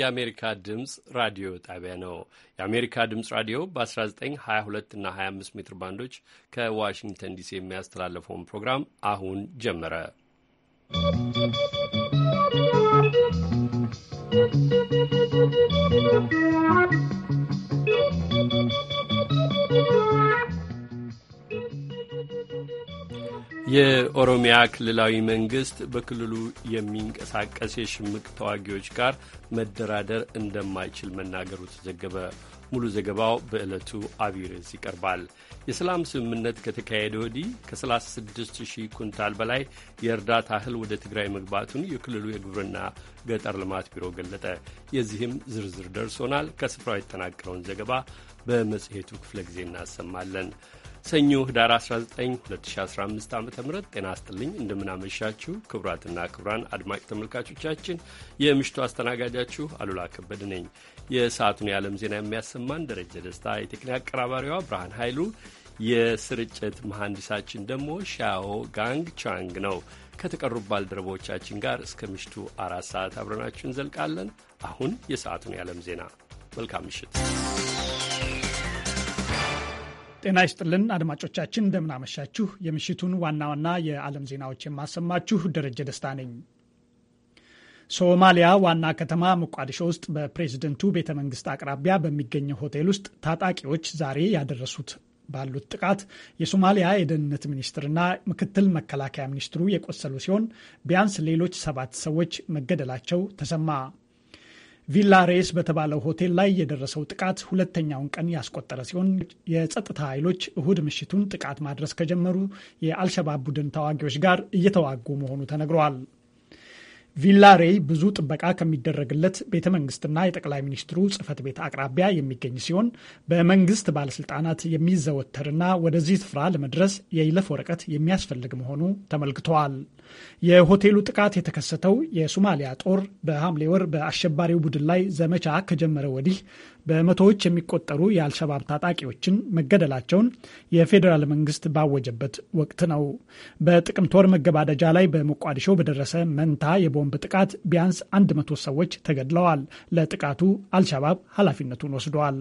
የአሜሪካ ድምፅ ራዲዮ ጣቢያ ነው። የአሜሪካ ድምፅ ራዲዮ በ1922 እና 25 ሜትር ባንዶች ከዋሽንግተን ዲሲ የሚያስተላለፈውን ፕሮግራም አሁን ጀመረ። ¶¶ የኦሮሚያ ክልላዊ መንግስት በክልሉ የሚንቀሳቀስ የሽምቅ ተዋጊዎች ጋር መደራደር እንደማይችል መናገሩ ተዘገበ። ሙሉ ዘገባው በዕለቱ አብይ ይቀርባል። የሰላም ስምምነት ከተካሄደ ወዲህ ከ36 ሺህ ኩንታል በላይ የእርዳታ እህል ወደ ትግራይ መግባቱን የክልሉ የግብርና ገጠር ልማት ቢሮ ገለጠ። የዚህም ዝርዝር ደርሶናል። ከስፍራው የተጠናቀረውን ዘገባ በመጽሔቱ ክፍለ ጊዜ እናሰማለን። ሰኞ ህዳር 19 2015 ዓ ም ጤና ይስጥልኝ። እንደምናመሻችሁ ክቡራትና ክቡራን አድማጭ ተመልካቾቻችን የምሽቱ አስተናጋጃችሁ አሉላ ከበድ ነኝ። የሰዓቱን የዓለም ዜና የሚያሰማን ደረጀ ደስታ፣ የቴክኒክ አቀራባሪዋ ብርሃን ኃይሉ፣ የስርጭት መሐንዲሳችን ደግሞ ሻዮ ጋንግ ቻንግ ነው። ከተቀሩ ባልደረቦቻችን ጋር እስከ ምሽቱ አራት ሰዓት አብረናችሁ እንዘልቃለን። አሁን የሰዓቱን የዓለም ዜና። መልካም ምሽት ጤና ይስጥልን አድማጮቻችን፣ እንደምናመሻችሁ። የምሽቱን ዋና ዋና የዓለም ዜናዎች የማሰማችሁ ደረጀ ደስታ ነኝ። ሶማሊያ ዋና ከተማ ሞቃዲሾ ውስጥ በፕሬዝደንቱ ቤተ መንግስት አቅራቢያ በሚገኘው ሆቴል ውስጥ ታጣቂዎች ዛሬ ያደረሱት ባሉት ጥቃት የሶማሊያ የደህንነት ሚኒስትርና ምክትል መከላከያ ሚኒስትሩ የቆሰሉ ሲሆን ቢያንስ ሌሎች ሰባት ሰዎች መገደላቸው ተሰማ። ቪላ ሬስ በተባለው ሆቴል ላይ የደረሰው ጥቃት ሁለተኛውን ቀን ያስቆጠረ ሲሆን የጸጥታ ኃይሎች እሁድ ምሽቱን ጥቃት ማድረስ ከጀመሩ የአልሸባብ ቡድን ተዋጊዎች ጋር እየተዋጉ መሆኑ ተነግረዋል። ቪላሬይ ብዙ ጥበቃ ከሚደረግለት ቤተ መንግስትና የጠቅላይ ሚኒስትሩ ጽህፈት ቤት አቅራቢያ የሚገኝ ሲሆን በመንግስት ባለስልጣናት የሚዘወተርና ወደዚህ ስፍራ ለመድረስ የይለፍ ወረቀት የሚያስፈልግ መሆኑ ተመልክተዋል። የሆቴሉ ጥቃት የተከሰተው የሶማሊያ ጦር በሐምሌ ወር በአሸባሪው ቡድን ላይ ዘመቻ ከጀመረ ወዲህ በመቶዎች የሚቆጠሩ የአልሸባብ ታጣቂዎችን መገደላቸውን የፌዴራል መንግስት ባወጀበት ወቅት ነው። በጥቅምት ወር መገባደጃ ላይ በሞቃዲሾ በደረሰ መንታ የቦምብ ጥቃት ቢያንስ 100 ሰዎች ተገድለዋል። ለጥቃቱ አልሸባብ ኃላፊነቱን ወስደዋል።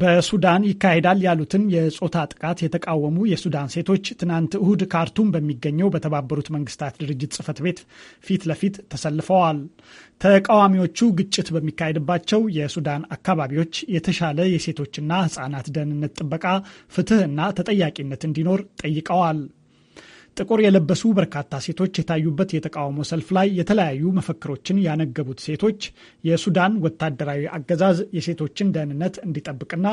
በሱዳን ይካሄዳል ያሉትን የጾታ ጥቃት የተቃወሙ የሱዳን ሴቶች ትናንት እሁድ ካርቱም በሚገኘው በተባበሩት መንግስታት ድርጅት ጽህፈት ቤት ፊት ለፊት ተሰልፈዋል። ተቃዋሚዎቹ ግጭት በሚካሄድባቸው የሱዳን አካባቢዎች የተሻለ የሴቶችና ህጻናት ደህንነት ጥበቃ፣ ፍትህና ተጠያቂነት እንዲኖር ጠይቀዋል። ጥቁር የለበሱ በርካታ ሴቶች የታዩበት የተቃውሞ ሰልፍ ላይ የተለያዩ መፈክሮችን ያነገቡት ሴቶች የሱዳን ወታደራዊ አገዛዝ የሴቶችን ደህንነት እንዲጠብቅና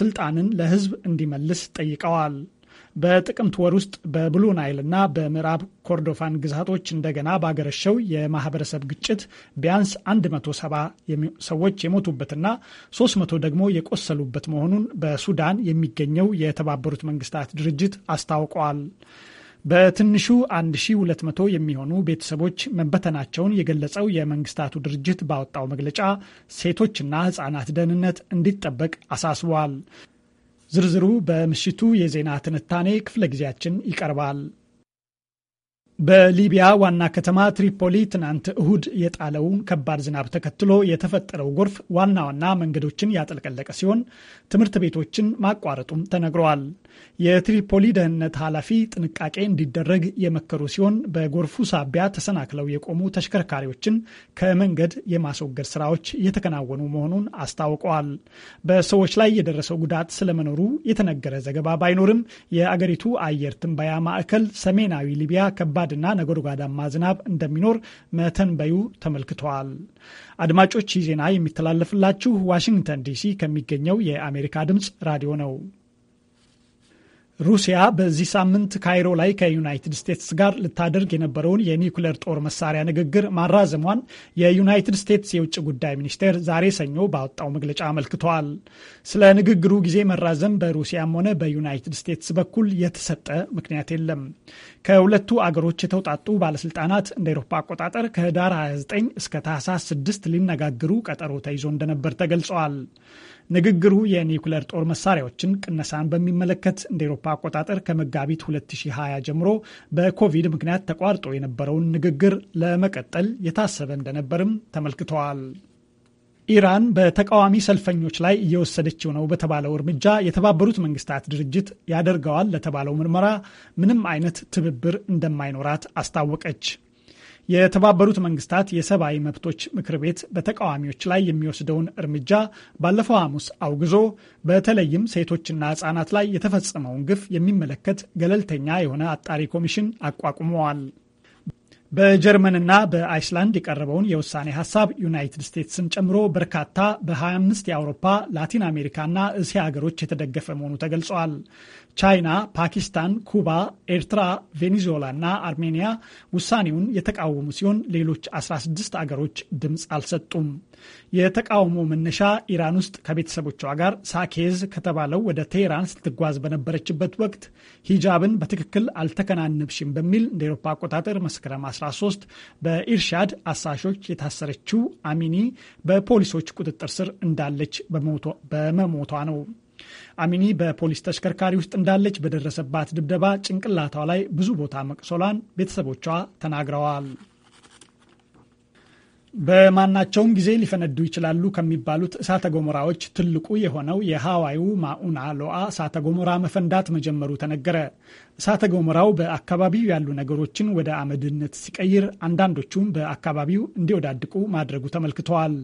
ስልጣንን ለህዝብ እንዲመልስ ጠይቀዋል። በጥቅምት ወር ውስጥ በብሉ እና በምዕራብ ኮርዶፋን ግዛቶች እንደገና ባገረሸው የማህበረሰብ ግጭት ቢያንስ 170 ሰዎች የሞቱበትና 300 ደግሞ የቆሰሉበት መሆኑን በሱዳን የሚገኘው የተባበሩት መንግስታት ድርጅት አስታውቋል። በትንሹ 1200 የሚሆኑ ቤተሰቦች መበተናቸውን የገለጸው የመንግስታቱ ድርጅት ባወጣው መግለጫ ሴቶችና ህጻናት ደህንነት እንዲጠበቅ አሳስቧል። ዝርዝሩ በምሽቱ የዜና ትንታኔ ክፍለ ጊዜያችን ይቀርባል። በሊቢያ ዋና ከተማ ትሪፖሊ ትናንት እሁድ የጣለውን ከባድ ዝናብ ተከትሎ የተፈጠረው ጎርፍ ዋና ዋና መንገዶችን ያጥለቀለቀ ሲሆን ትምህርት ቤቶችን ማቋረጡም ተነግረዋል። የትሪፖሊ ደህንነት ኃላፊ ጥንቃቄ እንዲደረግ የመከሩ ሲሆን በጎርፉ ሳቢያ ተሰናክለው የቆሙ ተሽከርካሪዎችን ከመንገድ የማስወገድ ስራዎች እየተከናወኑ መሆኑን አስታውቀዋል። በሰዎች ላይ የደረሰው ጉዳት ስለመኖሩ የተነገረ ዘገባ ባይኖርም የአገሪቱ አየር ትንባያ ማዕከል ሰሜናዊ ሊቢያ ከባድ ከባድና ነጎድጓዳማ ዝናብ እንደሚኖር መተንበዩ ተመልክተዋል። አድማጮች ይህ ዜና የሚተላለፍላችሁ ዋሽንግተን ዲሲ ከሚገኘው የአሜሪካ ድምፅ ራዲዮ ነው። ሩሲያ በዚህ ሳምንት ካይሮ ላይ ከዩናይትድ ስቴትስ ጋር ልታደርግ የነበረውን የኒውክለር ጦር መሳሪያ ንግግር ማራዘሟን የዩናይትድ ስቴትስ የውጭ ጉዳይ ሚኒስቴር ዛሬ ሰኞ ባወጣው መግለጫ አመልክተዋል። ስለ ንግግሩ ጊዜ መራዘም በሩሲያም ሆነ በዩናይትድ ስቴትስ በኩል የተሰጠ ምክንያት የለም። ከሁለቱ አገሮች የተውጣጡ ባለስልጣናት እንደ ኤሮፓ አቆጣጠር ከህዳር 29 እስከ ታህሳስ 6 ሊነጋግሩ ቀጠሮ ተይዞ እንደነበር ተገልጸዋል። ንግግሩ የኒውክለር ጦር መሳሪያዎችን ቅነሳን በሚመለከት እንደ ኤሮፓ አቆጣጠር ከመጋቢት 2020 ጀምሮ በኮቪድ ምክንያት ተቋርጦ የነበረውን ንግግር ለመቀጠል የታሰበ እንደነበርም ተመልክተዋል። ኢራን በተቃዋሚ ሰልፈኞች ላይ እየወሰደችው ነው በተባለው እርምጃ የተባበሩት መንግስታት ድርጅት ያደርገዋል ለተባለው ምርመራ ምንም አይነት ትብብር እንደማይኖራት አስታወቀች። የተባበሩት መንግስታት የሰብአዊ መብቶች ምክር ቤት በተቃዋሚዎች ላይ የሚወስደውን እርምጃ ባለፈው ሐሙስ አውግዞ በተለይም ሴቶችና ህጻናት ላይ የተፈጸመውን ግፍ የሚመለከት ገለልተኛ የሆነ አጣሪ ኮሚሽን አቋቁመዋል። በጀርመንና በአይስላንድ የቀረበውን የውሳኔ ሀሳብ ዩናይትድ ስቴትስን ጨምሮ በርካታ በ25 የአውሮፓ ላቲን አሜሪካና እስያ ሀገሮች የተደገፈ መሆኑ ተገልጸዋል። ቻይና፣ ፓኪስታን፣ ኩባ፣ ኤርትራ፣ ቬኔዙዌላ እና አርሜኒያ ውሳኔውን የተቃወሙ ሲሆን ሌሎች 16 አገሮች ድምፅ አልሰጡም። የተቃውሞ መነሻ ኢራን ውስጥ ከቤተሰቦቿ ጋር ሳኬዝ ከተባለው ወደ ቴህራን ስትጓዝ በነበረችበት ወቅት ሂጃብን በትክክል አልተከናንብሽም በሚል እንደ ኤሮፓ አቆጣጠር መስከረም 13 በኢርሻድ አሳሾች የታሰረችው አሚኒ በፖሊሶች ቁጥጥር ስር እንዳለች በመሞቷ ነው። አሚኒ በፖሊስ ተሽከርካሪ ውስጥ እንዳለች በደረሰባት ድብደባ ጭንቅላቷ ላይ ብዙ ቦታ መቅሰሏን ቤተሰቦቿ ተናግረዋል። በማናቸውም ጊዜ ሊፈነዱ ይችላሉ ከሚባሉት እሳተ ገሞራዎች ትልቁ የሆነው የሃዋዩ ማኡና ሎአ እሳተ ገሞራ መፈንዳት መጀመሩ ተነገረ። እሳተ ገሞራው በአካባቢው ያሉ ነገሮችን ወደ አመድነት ሲቀይር፣ አንዳንዶቹም በአካባቢው እንዲወዳድቁ ማድረጉ ተመልክተዋል።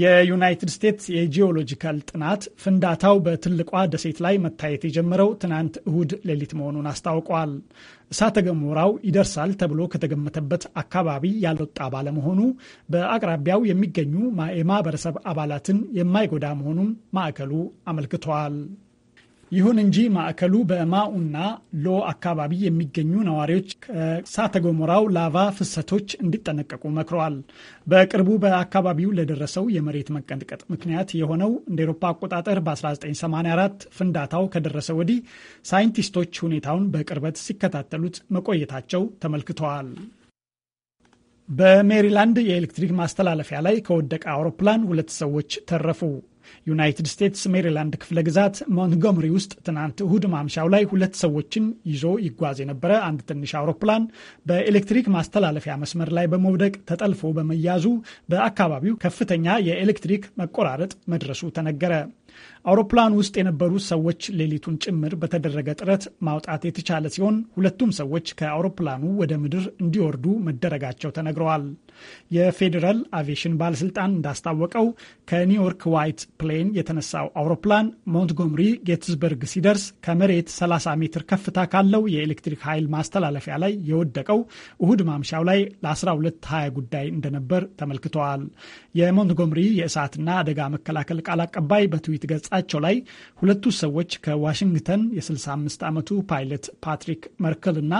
የዩናይትድ ስቴትስ የጂኦሎጂካል ጥናት ፍንዳታው በትልቋ ደሴት ላይ መታየት የጀመረው ትናንት እሁድ ሌሊት መሆኑን አስታውቋል። እሳተ ገሞራው ይደርሳል ተብሎ ከተገመተበት አካባቢ ያልወጣ ባለመሆኑ በአቅራቢያው የሚገኙ የማህበረሰብ አባላትን የማይጎዳ መሆኑን ማዕከሉ አመልክቷል። ይሁን እንጂ ማዕከሉ በማኡና ሎ አካባቢ የሚገኙ ነዋሪዎች ከእሳተ ገሞራው ላቫ ፍሰቶች እንዲጠነቀቁ መክረዋል። በቅርቡ በአካባቢው ለደረሰው የመሬት መንቀጥቀጥ ምክንያት የሆነው እንደ ኤሮፓ አቆጣጠር በ1984 ፍንዳታው ከደረሰ ወዲህ ሳይንቲስቶች ሁኔታውን በቅርበት ሲከታተሉት መቆየታቸው ተመልክተዋል። በሜሪላንድ የኤሌክትሪክ ማስተላለፊያ ላይ ከወደቀ አውሮፕላን ሁለት ሰዎች ተረፉ። ዩናይትድ ስቴትስ ሜሪላንድ ክፍለ ግዛት ሞንትጎመሪ ውስጥ ትናንት እሁድ ማምሻው ላይ ሁለት ሰዎችን ይዞ ይጓዝ የነበረ አንድ ትንሽ አውሮፕላን በኤሌክትሪክ ማስተላለፊያ መስመር ላይ በመውደቅ ተጠልፎ በመያዙ በአካባቢው ከፍተኛ የኤሌክትሪክ መቆራረጥ መድረሱ ተነገረ። አውሮፕላን ውስጥ የነበሩ ሰዎች ሌሊቱን ጭምር በተደረገ ጥረት ማውጣት የተቻለ ሲሆን ሁለቱም ሰዎች ከአውሮፕላኑ ወደ ምድር እንዲወርዱ መደረጋቸው ተነግረዋል። የፌዴራል አቪዬሽን ባለስልጣን እንዳስታወቀው ከኒውዮርክ ዋይት ፕሌን የተነሳው አውሮፕላን ሞንትጎምሪ ጌትስበርግ ሲደርስ ከመሬት 30 ሜትር ከፍታ ካለው የኤሌክትሪክ ኃይል ማስተላለፊያ ላይ የወደቀው እሁድ ማምሻው ላይ ለ1220 ጉዳይ እንደነበር ተመልክተዋል። የሞንትጎምሪ የእሳትና አደጋ መከላከል ቃል አቀባይ በትዊት ገጻቸው ላይ ሁለቱ ሰዎች ከዋሽንግተን የ65 ዓመቱ ፓይለት ፓትሪክ መርክል እና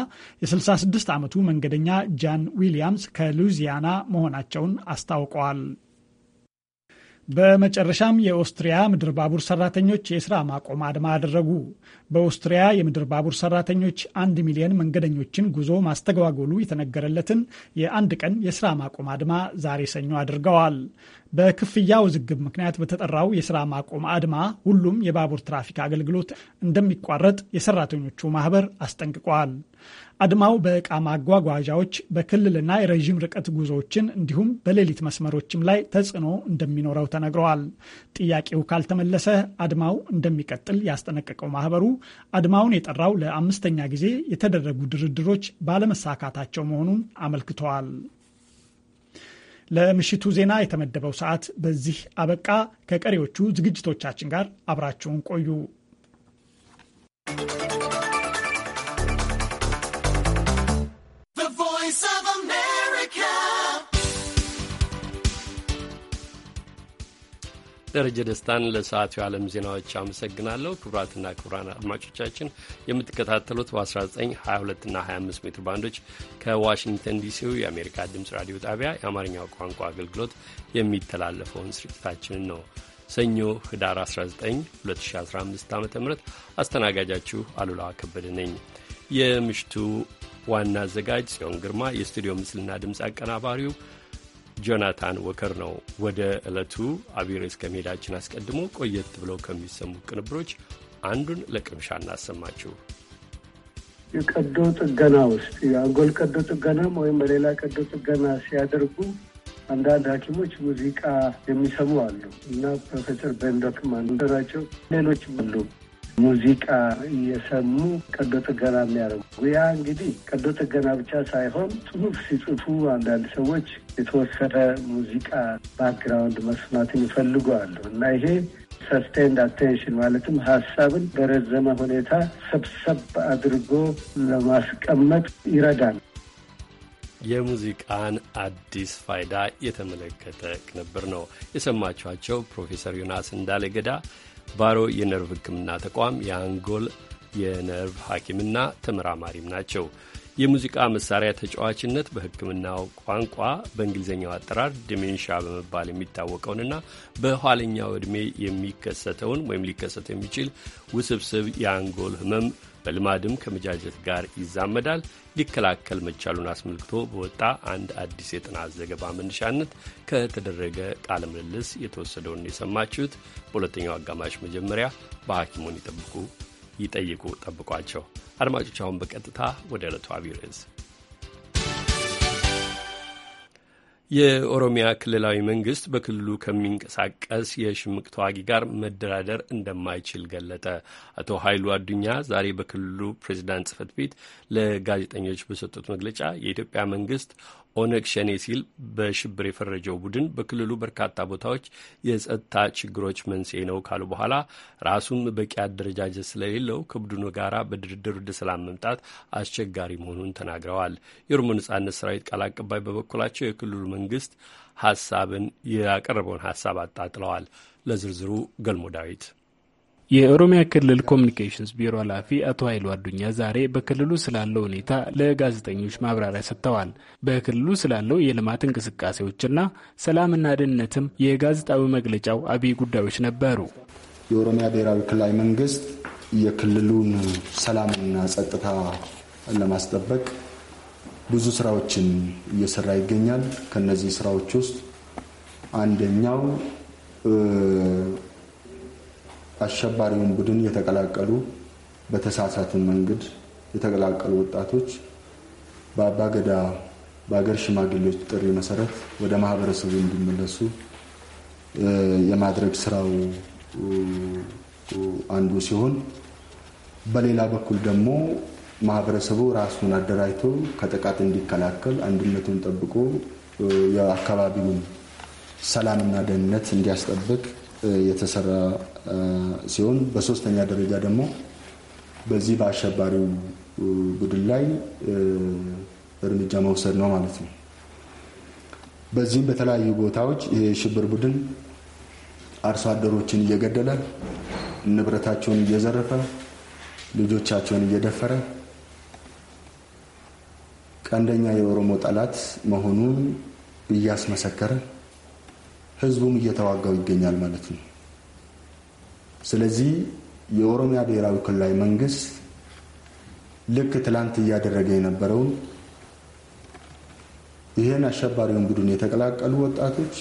የ66 ዓመቱ መንገደኛ ጃን ዊሊያምስ ከሉዚያና መሆናቸውን አስታውቀዋል። በመጨረሻም የኦስትሪያ ምድር ባቡር ሰራተኞች የስራ ማቆም አድማ አደረጉ። በኦስትሪያ የምድር ባቡር ሰራተኞች አንድ ሚሊዮን መንገደኞችን ጉዞ ማስተጓጎሉ የተነገረለትን የአንድ ቀን የስራ ማቆም አድማ ዛሬ ሰኞ አድርገዋል። በክፍያ ውዝግብ ምክንያት በተጠራው የስራ ማቆም አድማ ሁሉም የባቡር ትራፊክ አገልግሎት እንደሚቋረጥ የሰራተኞቹ ማህበር አስጠንቅቋል። አድማው በእቃ ማጓጓዣዎች፣ በክልልና የረዥም ርቀት ጉዞዎችን እንዲሁም በሌሊት መስመሮችም ላይ ተጽዕኖ እንደሚኖረው ተነግረዋል። ጥያቄው ካልተመለሰ አድማው እንደሚቀጥል ያስጠነቀቀው ማህበሩ አድማውን የጠራው ለአምስተኛ ጊዜ የተደረጉ ድርድሮች ባለመሳካታቸው መሆኑን አመልክተዋል። ለምሽቱ ዜና የተመደበው ሰዓት በዚህ አበቃ። ከቀሪዎቹ ዝግጅቶቻችን ጋር አብራችሁን ቆዩ። Voice of America. ደረጀ ደስታን ለሰዓቱ የዓለም ዜናዎች አመሰግናለሁ። ክቡራትና ክቡራን አድማጮቻችን የምትከታተሉት በ1922 እና 25 ሜትር ባንዶች ከዋሽንግተን ዲሲው የአሜሪካ ድምፅ ራዲዮ ጣቢያ የአማርኛው ቋንቋ አገልግሎት የሚተላለፈውን ስርጭታችንን ነው። ሰኞ ህዳር 19 2015 ዓ ም አስተናጋጃችሁ አሉላ ከበደ ነኝ። የምሽቱ ዋና አዘጋጅ ጽዮን ግርማ፣ የስቱዲዮ ምስልና ድምፅ አቀናባሪው ጆናታን ወከር ነው። ወደ ዕለቱ አቢሮ እስከ አስቀድሞ ቆየት ብለው ከሚሰሙ ቅንብሮች አንዱን ለቅምሻ እናሰማችሁ። የቀዶ ጥገና ውስጥ የአንጎል ቀዶ ጥገናም ወይም በሌላ ቀዶ ጥገና ሲያደርጉ አንዳንድ ሐኪሞች ሙዚቃ የሚሰሙ አሉ እና ፕሮፌሰር በንዶክም አንዱ ናቸው። ሌሎችም አሉ። ሙዚቃ እየሰሙ ቀዶ ጥገና የሚያደርጉ ያ እንግዲህ ቀዶ ጥገና ብቻ ሳይሆን ጽሁፍ ሲጽፉ አንዳንድ ሰዎች የተወሰነ ሙዚቃ ባክግራውንድ መስማትን ይፈልገዋሉ እና ይሄ ሰስቴንድ አቴንሽን ማለትም ሀሳብን በረዘመ ሁኔታ ሰብሰብ አድርጎ ለማስቀመጥ ይረዳል። የሙዚቃን አዲስ ፋይዳ የተመለከተ ቅንብር ነው የሰማችኋቸው። ፕሮፌሰር ዮናስ እንዳለገዳ። ባሮ የነርቭ ሕክምና ተቋም የአንጎል የነርቭ ሐኪምና ተመራማሪም ናቸው። የሙዚቃ መሳሪያ ተጫዋችነት በሕክምናው ቋንቋ በእንግሊዝኛው አጠራር ዲሜንሻ በመባል የሚታወቀውንና በኋለኛው ዕድሜ የሚከሰተውን ወይም ሊከሰተው የሚችል ውስብስብ የአንጎል ህመም በልማድም ከመጃጀት ጋር ይዛመዳል ሊከላከል መቻሉን አስመልክቶ በወጣ አንድ አዲስ የጥናት ዘገባ መነሻነት ከተደረገ ቃለ ምልልስ የተወሰደውን የሰማችሁት። በሁለተኛው አጋማሽ መጀመሪያ በሐኪሙን ይጠብቁ ይጠይቁ ጠብቋቸው። አድማጮች አሁን በቀጥታ ወደ ዕለቱ አብይ ርዕስ የኦሮሚያ ክልላዊ መንግስት በክልሉ ከሚንቀሳቀስ የሽምቅ ተዋጊ ጋር መደራደር እንደማይችል ገለጠ። አቶ ኃይሉ አዱኛ ዛሬ በክልሉ ፕሬዚዳንት ጽህፈት ቤት ለጋዜጠኞች በሰጡት መግለጫ የኢትዮጵያ መንግስት ኦነግ ሸኔ ሲል በሽብር የፈረጀው ቡድን በክልሉ በርካታ ቦታዎች የጸጥታ ችግሮች መንስኤ ነው ካሉ በኋላ ራሱም በቂ አደረጃጀት ስለሌለው ከቡድኑ ጋር በድርድር ወደ ሰላም መምጣት አስቸጋሪ መሆኑን ተናግረዋል። የኦሮሞ ነጻነት ሰራዊት ቃል አቀባይ በበኩላቸው የክልሉ መንግስት ሀሳብን ያቀረበውን ሀሳብ አጣጥለዋል። ለዝርዝሩ ገልሞ ዳዊት የኦሮሚያ ክልል ኮሚኒኬሽንስ ቢሮ ኃላፊ አቶ ኃይሉ አዱኛ ዛሬ በክልሉ ስላለው ሁኔታ ለጋዜጠኞች ማብራሪያ ሰጥተዋል። በክልሉ ስላለው የልማት እንቅስቃሴዎችና ሰላምና ደህንነትም የጋዜጣዊ መግለጫው አብይ ጉዳዮች ነበሩ። የኦሮሚያ ብሔራዊ ክልላዊ መንግስት የክልሉን ሰላምና ጸጥታ ለማስጠበቅ ብዙ ስራዎችን እየሰራ ይገኛል። ከነዚህ ስራዎች ውስጥ አንደኛው አሸባሪውን ቡድን የተቀላቀሉ በተሳሳተ መንገድ የተቀላቀሉ ወጣቶች በአባገዳ በሀገር ሽማግሌዎች ጥሪ መሰረት ወደ ማህበረሰቡ እንዲመለሱ የማድረግ ስራው አንዱ ሲሆን በሌላ በኩል ደግሞ ማህበረሰቡ ራሱን አደራጅቶ ከጥቃት እንዲከላከል አንድነቱን ጠብቆ የአካባቢውን ሰላምና ደህንነት እንዲያስጠብቅ የተሰራ ሲሆን በሶስተኛ ደረጃ ደግሞ በዚህ በአሸባሪው ቡድን ላይ እርምጃ መውሰድ ነው ማለት ነው። በዚህም በተለያዩ ቦታዎች ይሄ ሽብር ቡድን አርሶ አደሮችን እየገደለ ንብረታቸውን እየዘረፈ ልጆቻቸውን እየደፈረ ቀንደኛ የኦሮሞ ጠላት መሆኑን እያስመሰከረ ህዝቡም እየተዋጋው ይገኛል ማለት ነው። ስለዚህ የኦሮሚያ ብሔራዊ ክልላዊ መንግስት ልክ ትላንት እያደረገ የነበረውን ይህን አሸባሪውን ቡድን የተቀላቀሉ ወጣቶች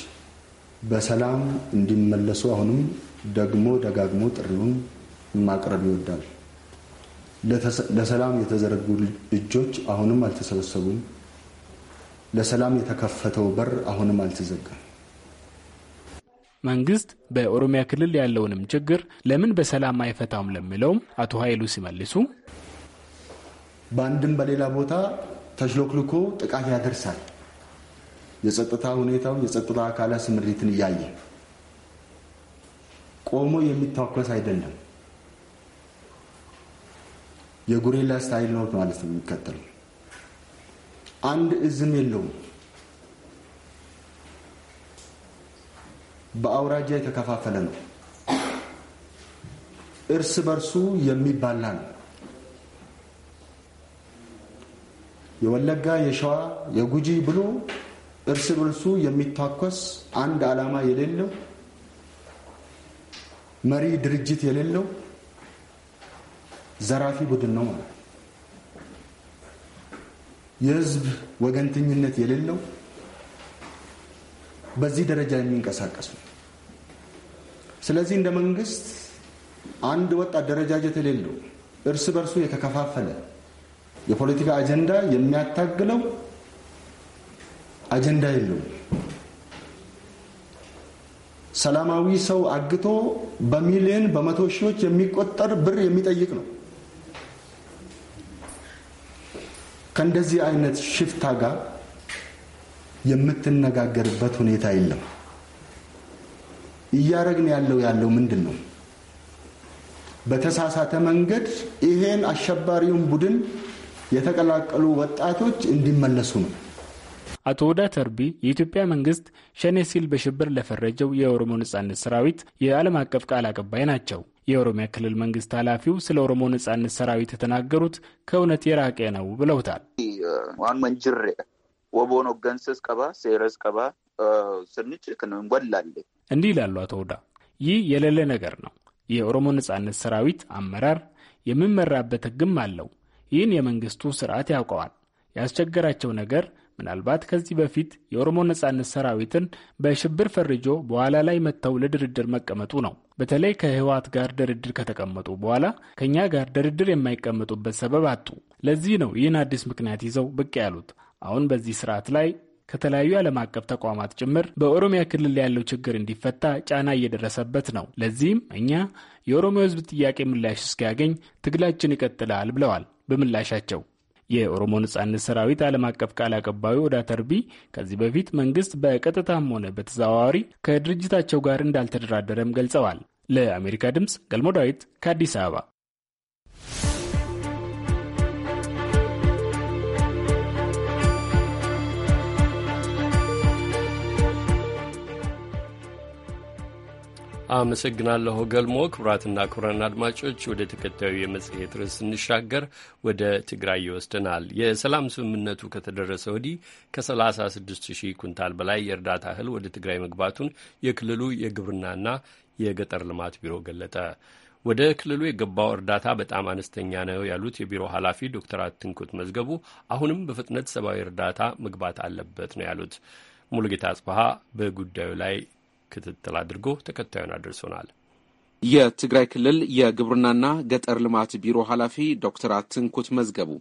በሰላም እንዲመለሱ አሁንም ደግሞ ደጋግሞ ጥሪውን ማቅረብ ይወዳል። ለሰላም የተዘረጉ እጆች አሁንም አልተሰበሰቡም። ለሰላም የተከፈተው በር አሁንም አልተዘጋም። መንግስት በኦሮሚያ ክልል ያለውንም ችግር ለምን በሰላም አይፈታውም ለሚለውም አቶ ኃይሉ ሲመልሱ በአንድም በሌላ ቦታ ተሽሎክልኮ ጥቃት ያደርሳል። የጸጥታ ሁኔታው የጸጥታ አካላት ስምሪትን እያየ ቆሞ የሚታኮስ አይደለም። የጉሬላ ስታይል ነው ማለት ነው የሚከተለው። አንድ እዝም የለውም። በአውራጃ የተከፋፈለ ነው። እርስ በርሱ የሚባላ ነው። የወለጋ፣ የሸዋ፣ የጉጂ ብሎ እርስ በርሱ የሚታኮስ አንድ ዓላማ የሌለው መሪ ድርጅት የሌለው ዘራፊ ቡድን ነው ማለት የህዝብ ወገንተኝነት የሌለው በዚህ ደረጃ የሚንቀሳቀሱ ስለዚህ እንደ መንግስት አንድ ወጥ አደረጃጀት የሌለው እርስ በርሱ የተከፋፈለ የፖለቲካ አጀንዳ የሚያታግለው አጀንዳ የለው። ሰላማዊ ሰው አግቶ በሚሊዮን በመቶ ሺዎች የሚቆጠር ብር የሚጠይቅ ነው። ከእንደዚህ አይነት ሽፍታ ጋር የምትነጋገርበት ሁኔታ የለም። እያረግን ያለው ያለው ምንድን ነው? በተሳሳተ መንገድ ይሄን አሸባሪውን ቡድን የተቀላቀሉ ወጣቶች እንዲመለሱ ነው። አቶ ወዳ ተርቢ የኢትዮጵያ መንግስት ሸኔ ሲል በሽብር ለፈረጀው የኦሮሞ ነጻነት ሰራዊት የዓለም አቀፍ ቃል አቀባይ ናቸው። የኦሮሚያ ክልል መንግስት ኃላፊው ስለ ኦሮሞ ነጻነት ሰራዊት የተናገሩት ከእውነት የራቀ ነው ብለውታል። ወቦን ኦገንስስ ቀባ ሴረስ ቀባ ስንች ክንንጎላለ እንዲህ ይላሉ አቶ ውዳ። ይህ የሌለ ነገር ነው። የኦሮሞ ነጻነት ሰራዊት አመራር የሚመራበት ህግም አለው። ይህን የመንግስቱ ስርዓት ያውቀዋል። ያስቸገራቸው ነገር ምናልባት ከዚህ በፊት የኦሮሞ ነጻነት ሰራዊትን በሽብር ፈርጆ በኋላ ላይ መጥተው ለድርድር መቀመጡ ነው። በተለይ ከህወሓት ጋር ድርድር ከተቀመጡ በኋላ ከእኛ ጋር ድርድር የማይቀመጡበት ሰበብ አጡ። ለዚህ ነው ይህን አዲስ ምክንያት ይዘው ብቅ ያሉት። አሁን በዚህ ስርዓት ላይ ከተለያዩ ዓለም አቀፍ ተቋማት ጭምር በኦሮሚያ ክልል ያለው ችግር እንዲፈታ ጫና እየደረሰበት ነው። ለዚህም እኛ የኦሮሚያ ሕዝብ ጥያቄ ምላሽ እስኪያገኝ ትግላችን ይቀጥላል ብለዋል። በምላሻቸው የኦሮሞ ነጻነት ሰራዊት ዓለም አቀፍ ቃል አቀባዩ ኦዳ ተርቢ ከዚህ በፊት መንግስት በቀጥታም ሆነ በተዘዋዋሪ ከድርጅታቸው ጋር እንዳልተደራደረም ገልጸዋል። ለአሜሪካ ድምፅ ገልሞ ዳዊት ከአዲስ አበባ አመሰግናለሁ ገልሞ። ክቡራትና ክቡራን አድማጮች ወደ ተከታዩ የመጽሔት ርዕስ ስንሻገር ወደ ትግራይ ይወስደናል። የሰላም ስምምነቱ ከተደረሰ ወዲህ ከ36 ሺህ ኩንታል በላይ የእርዳታ እህል ወደ ትግራይ መግባቱን የክልሉ የግብርናና የገጠር ልማት ቢሮ ገለጠ። ወደ ክልሉ የገባው እርዳታ በጣም አነስተኛ ነው ያሉት የቢሮ ኃላፊ ዶክተር አትንኩት መዝገቡ አሁንም በፍጥነት ሰብአዊ እርዳታ መግባት አለበት ነው ያሉት። ሙሉጌታ አጽበሀ በጉዳዩ ላይ ክትትል አድርጎ ተከታዩን አድርሶናል። የትግራይ ክልል የግብርናና ገጠር ልማት ቢሮ ኃላፊ ዶክተር አትንኩት መዝገቡ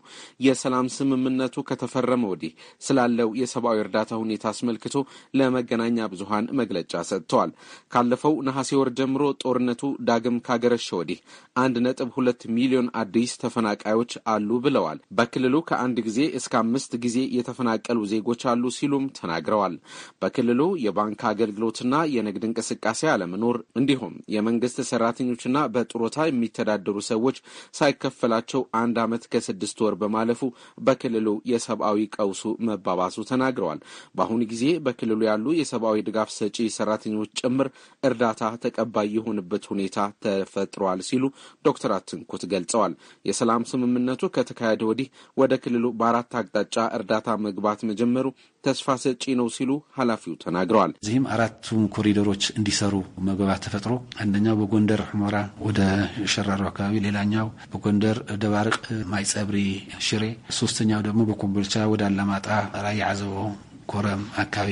የሰላም ስምምነቱ ከተፈረመ ወዲህ ስላለው የሰብአዊ እርዳታ ሁኔታ አስመልክቶ ለመገናኛ ብዙሃን መግለጫ ሰጥተዋል። ካለፈው ነሐሴ ወር ጀምሮ ጦርነቱ ዳግም ካገረሸ ወዲህ አንድ ነጥብ ሁለት ሚሊዮን አዲስ ተፈናቃዮች አሉ ብለዋል። በክልሉ ከአንድ ጊዜ እስከ አምስት ጊዜ የተፈናቀሉ ዜጎች አሉ ሲሉም ተናግረዋል። በክልሉ የባንክ አገልግሎትና የንግድ እንቅስቃሴ አለመኖር እንዲሁም የመንግስት ሰራተኞችና በጡረታ የሚተዳደሩ ሰዎች ሳይከፈላቸው አንድ ዓመት ከስድስት ወር በማለፉ በክልሉ የሰብአዊ ቀውሱ መባባሱ ተናግረዋል። በአሁኑ ጊዜ በክልሉ ያሉ የሰብአዊ ድጋፍ ሰጪ ሰራተኞች ጭምር እርዳታ ተቀባይ የሆነበት ሁኔታ ተፈጥሯል ሲሉ ዶክተር አትንኩት ገልጸዋል። የሰላም ስምምነቱ ከተካሄደ ወዲህ ወደ ክልሉ በአራት አቅጣጫ እርዳታ መግባት መጀመሩ ተስፋ ሰጪ ነው ሲሉ ኃላፊው ተናግረዋል። እዚህም አራቱ ኮሪደሮች እንዲሰሩ መግባባት ተፈጥሮ አንደኛው በጎንደር ሑመራ ወደ ሸራሮ አካባቢ፣ ሌላኛው በጎንደር ደባርቅ ማይጸብሪ ሽሬ፣ ሶስተኛው ደግሞ በኮምቦልቻ ወደ አላማጣ ራያ አዘቦ ኮረም አካባቢ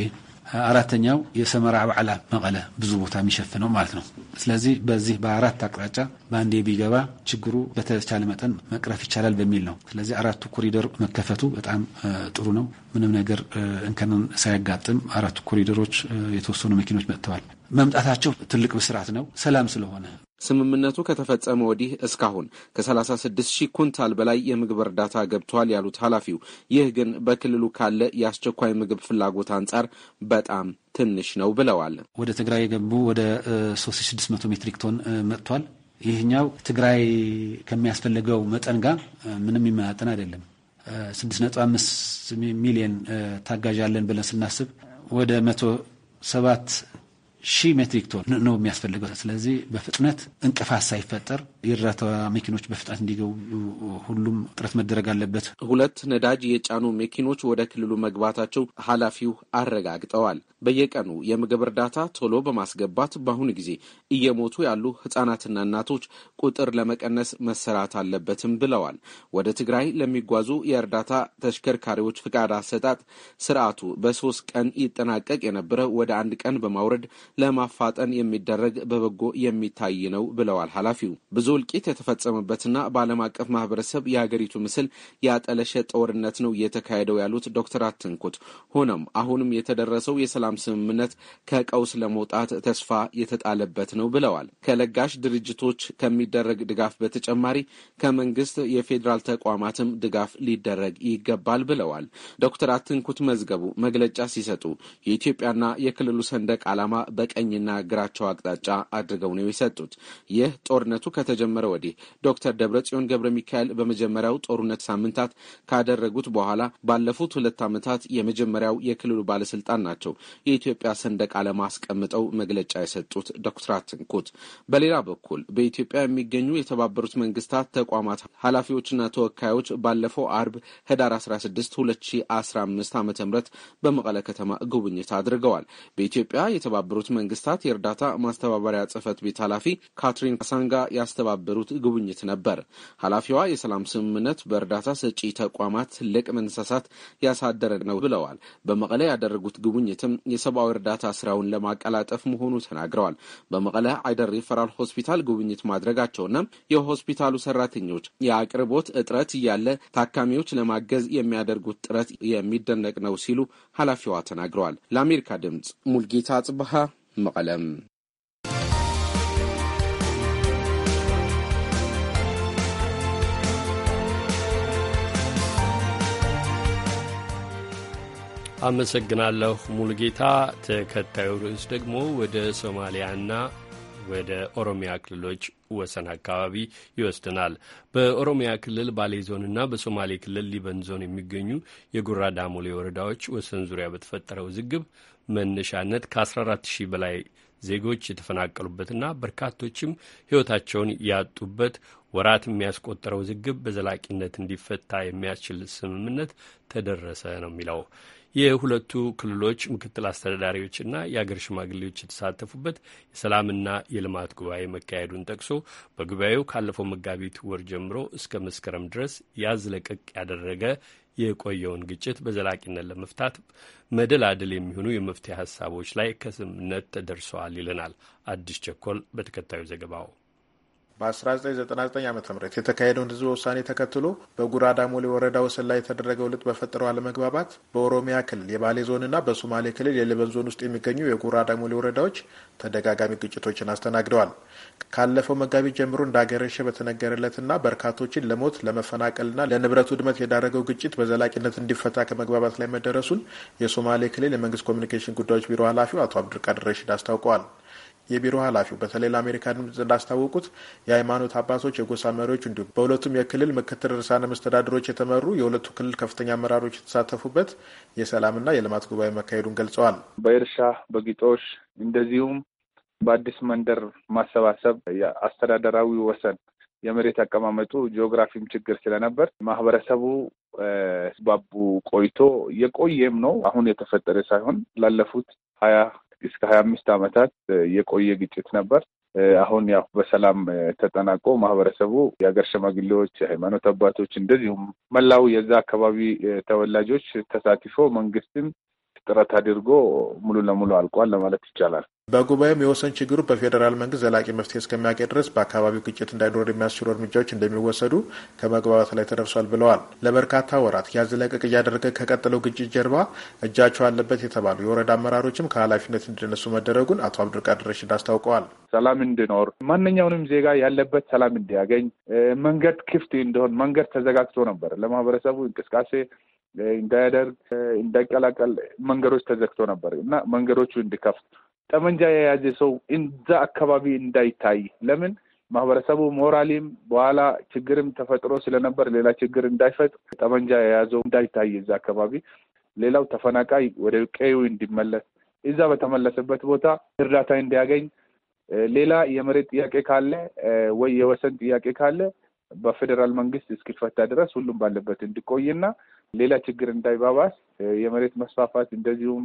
አራተኛው የሰመራ በዓላ መቀለ ብዙ ቦታ የሚሸፍነው ማለት ነው። ስለዚህ በዚህ በአራት አቅጣጫ በአንዴ ቢገባ ችግሩ በተቻለ መጠን መቅረፍ ይቻላል በሚል ነው። ስለዚህ አራቱ ኮሪደር መከፈቱ በጣም ጥሩ ነው። ምንም ነገር እንከንን ሳያጋጥም አራቱ ኮሪደሮች የተወሰኑ መኪኖች መጥተዋል። መምጣታቸው ትልቅ ብስራት ነው። ሰላም ስለሆነ ስምምነቱ ከተፈጸመ ወዲህ እስካሁን ከ36 ሺህ ኩንታል በላይ የምግብ እርዳታ ገብቷል ያሉት ኃላፊው፣ ይህ ግን በክልሉ ካለ የአስቸኳይ ምግብ ፍላጎት አንጻር በጣም ትንሽ ነው ብለዋል። ወደ ትግራይ የገቡ ወደ 3600 ሜትሪክ ቶን መጥቷል። ይህኛው ትግራይ ከሚያስፈልገው መጠን ጋር ምንም የሚመጣጠን አይደለም። 6.5 ሚሊዮን ታጋዥ አለን ብለን ስናስብ ወደ 107 ሺህ ሜትሪክ ቶን ነው የሚያስፈልገው። ስለዚህ በፍጥነት እንቅፋት ሳይፈጠር የእርዳታ መኪኖች በፍጥነት እንዲገቡ ሁሉም ጥረት መደረግ አለበት። ሁለት ነዳጅ የጫኑ መኪኖች ወደ ክልሉ መግባታቸው ኃላፊው አረጋግጠዋል። በየቀኑ የምግብ እርዳታ ቶሎ በማስገባት በአሁኑ ጊዜ እየሞቱ ያሉ ህጻናትና እናቶች ቁጥር ለመቀነስ መሰራት አለበትም ብለዋል። ወደ ትግራይ ለሚጓዙ የእርዳታ ተሽከርካሪዎች ፍቃድ አሰጣጥ ስርዓቱ በሶስት ቀን ይጠናቀቅ የነበረ ወደ አንድ ቀን በማውረድ ለማፋጠን የሚደረግ በበጎ የሚታይ ነው ብለዋል ኃላፊው። ብዙ እልቂት የተፈጸመበትና በዓለም አቀፍ ማህበረሰብ የሀገሪቱ ምስል ያጠለሸ ጦርነት ነው የተካሄደው ያሉት ዶክተር አትንኩት፣ ሆኖም አሁንም የተደረሰው የሰላም ስምምነት ከቀውስ ለመውጣት ተስፋ የተጣለበት ነው ብለዋል። ከለጋሽ ድርጅቶች ከሚደረግ ድጋፍ በተጨማሪ ከመንግስት የፌዴራል ተቋማትም ድጋፍ ሊደረግ ይገባል ብለዋል። ዶክተር አትንኩት መዝገቡ መግለጫ ሲሰጡ የኢትዮጵያና የክልሉ ሰንደቅ ዓላማ በ በቀኝና ግራቸው አቅጣጫ አድርገው ነው የሰጡት። ይህ ጦርነቱ ከተጀመረ ወዲህ ዶክተር ደብረጽዮን ገብረ ሚካኤል በመጀመሪያው ጦርነት ሳምንታት ካደረጉት በኋላ ባለፉት ሁለት ዓመታት የመጀመሪያው የክልሉ ባለስልጣን ናቸው የኢትዮጵያ ሰንደቅ ዓላማ አስቀምጠው መግለጫ የሰጡት ዶክተር አትንኩት። በሌላ በኩል በኢትዮጵያ የሚገኙ የተባበሩት መንግስታት ተቋማት ኃላፊዎችና ተወካዮች ባለፈው አርብ ህዳር 16 2015 ዓ ም በመቀለ ከተማ ጉብኝት አድርገዋል። በኢትዮጵያ የተባበሩት መንግስታት የእርዳታ ማስተባበሪያ ጽህፈት ቤት ኃላፊ ካትሪን ካሳንጋ ያስተባበሩት ጉብኝት ነበር። ኃላፊዋ የሰላም ስምምነት በእርዳታ ሰጪ ተቋማት ትልቅ መነሳሳት ያሳደረ ነው ብለዋል። በመቀለ ያደረጉት ጉብኝትም የሰብአዊ እርዳታ ስራውን ለማቀላጠፍ መሆኑ ተናግረዋል። በመቀለ አይደር ሪፈራል ሆስፒታል ጉብኝት ማድረጋቸውና የሆስፒታሉ ሰራተኞች የአቅርቦት እጥረት እያለ ታካሚዎች ለማገዝ የሚያደርጉት ጥረት የሚደነቅ ነው ሲሉ ኃላፊዋ ተናግረዋል። ለአሜሪካ ድምጽ ሙልጌታ ጽበሃ መቐለም አመሰግናለሁ ሙሉጌታ። ተከታዩ ርዕስ ደግሞ ወደ ሶማሊያና ወደ ኦሮሚያ ክልሎች ወሰን አካባቢ ይወስደናል። በኦሮሚያ ክልል ባሌ ዞንና በሶማሌ ክልል ሊበን ዞን የሚገኙ የጉራ ዳሞሌ ወረዳዎች ወሰን ዙሪያ በተፈጠረው ዝግብ መነሻነት ከ14ሺ በላይ ዜጎች የተፈናቀሉበትና በርካቶችም ሕይወታቸውን ያጡበት ወራት የሚያስቆጠረው ውዝግብ በዘላቂነት እንዲፈታ የሚያስችል ስምምነት ተደረሰ ነው የሚለው የሁለቱ ክልሎች ምክትል አስተዳዳሪዎችና የአገር ሽማግሌዎች የተሳተፉበት የሰላምና የልማት ጉባኤ መካሄዱን ጠቅሶ በጉባኤው ካለፈው መጋቢት ወር ጀምሮ እስከ መስከረም ድረስ ያዝ ለቀቅ ያደረገ የቆየውን ግጭት በዘላቂነት ለመፍታት መደላደል የሚሆኑ የመፍትሄ ሀሳቦች ላይ ከስምምነት ተደርሰዋል ይለናል አዲስ ቸኮል በተከታዩ ዘገባው። በ1999 ዓ ም የተካሄደውን ህዝበ ውሳኔ ተከትሎ ሞሌ ወረዳ ወሰን ላይ የተደረገው ልጥ በፈጠረው አለመግባባት በኦሮሚያ ክልል የባሌ ዞንና በሶማሌ ክልል የልበን ዞን ውስጥ የሚገኙ ሞሌ ወረዳዎች ተደጋጋሚ ግጭቶችን አስተናግደዋል። ካለፈው መጋቢት ጀምሮ እንዳገረሸ በተነገረለትና በርካቶችን ለሞት ለመፈናቀልና ለንብረት ውድመት የዳረገው ግጭት በዘላቂነት እንዲፈታ ከመግባባት ላይ መደረሱን የሶማሌ ክልል የመንግስት ኮሚኒኬሽን ጉዳዮች ቢሮ ኃላፊው አቶ አብዱልቃድር ረሽድ አስታውቀዋል። የቢሮ ኃላፊው በተለይ ለአሜሪካ ድምፅ እንዳስታወቁት የሃይማኖት አባቶች፣ የጎሳ መሪዎች እንዲሁም በሁለቱም የክልል ምክትል ርዕሳነ መስተዳድሮች የተመሩ የሁለቱ ክልል ከፍተኛ አመራሮች የተሳተፉበት የሰላምና የልማት ጉባኤ መካሄዱን ገልጸዋል። በእርሻ በግጦሽ እንደዚሁም በአዲስ መንደር ማሰባሰብ የአስተዳደራዊ ወሰን የመሬት አቀማመጡ ጂኦግራፊም ችግር ስለነበር ማህበረሰቡ ባቡ ቆይቶ የቆየም ነው። አሁን የተፈጠረ ሳይሆን ላለፉት ሀያ እስከ ሀያ አምስት ዓመታት የቆየ ግጭት ነበር። አሁን ያው በሰላም ተጠናቆ ማህበረሰቡ የሀገር ሽማግሌዎች፣ የሃይማኖት አባቶች እንደዚሁም መላው የዛ አካባቢ ተወላጆች ተሳትፎ መንግስትም ጥረት አድርጎ ሙሉ ለሙሉ አልቋል ለማለት ይቻላል። በጉባኤም የወሰን ችግሩ በፌዴራል መንግስት ዘላቂ መፍትሄ እስከሚያገኝ ድረስ በአካባቢው ግጭት እንዳይኖር የሚያስችሉ እርምጃዎች እንደሚወሰዱ ከመግባባት ላይ ተደርሷል ብለዋል። ለበርካታ ወራት ያዝ እያደረገ ከቀጠለው ግጭት ጀርባ እጃቸው አለበት የተባሉ የወረዳ አመራሮችም ከኃላፊነት እንዲነሱ መደረጉን አቶ አብዱልቃድረሽ እንዳስታውቀዋል። ሰላም እንዲኖር ማንኛውንም ዜጋ ያለበት ሰላም እንዲያገኝ መንገድ ክፍት እንደሆን መንገድ ተዘጋግቶ ነበር ለማህበረሰቡ እንቅስቃሴ እንዳያደርግ እንዳይቀላቀል መንገዶች ተዘግቶ ነበር እና መንገዶቹ እንዲከፍት ጠመንጃ የያዘ ሰው እዛ አካባቢ እንዳይታይ ለምን ማህበረሰቡ ሞራሊም በኋላ ችግርም ተፈጥሮ ስለነበር ሌላ ችግር እንዳይፈጥር ጠመንጃ የያዘው እንዳይታይ እዛ አካባቢ። ሌላው ተፈናቃይ ወደ ቀዩ እንዲመለስ እዛ በተመለሰበት ቦታ እርዳታ እንዲያገኝ፣ ሌላ የመሬት ጥያቄ ካለ ወይ የወሰን ጥያቄ ካለ በፌዴራል መንግስት እስኪፈታ ድረስ ሁሉም ባለበት እንዲቆይና ሌላ ችግር እንዳይባባስ የመሬት መስፋፋት እንደዚሁም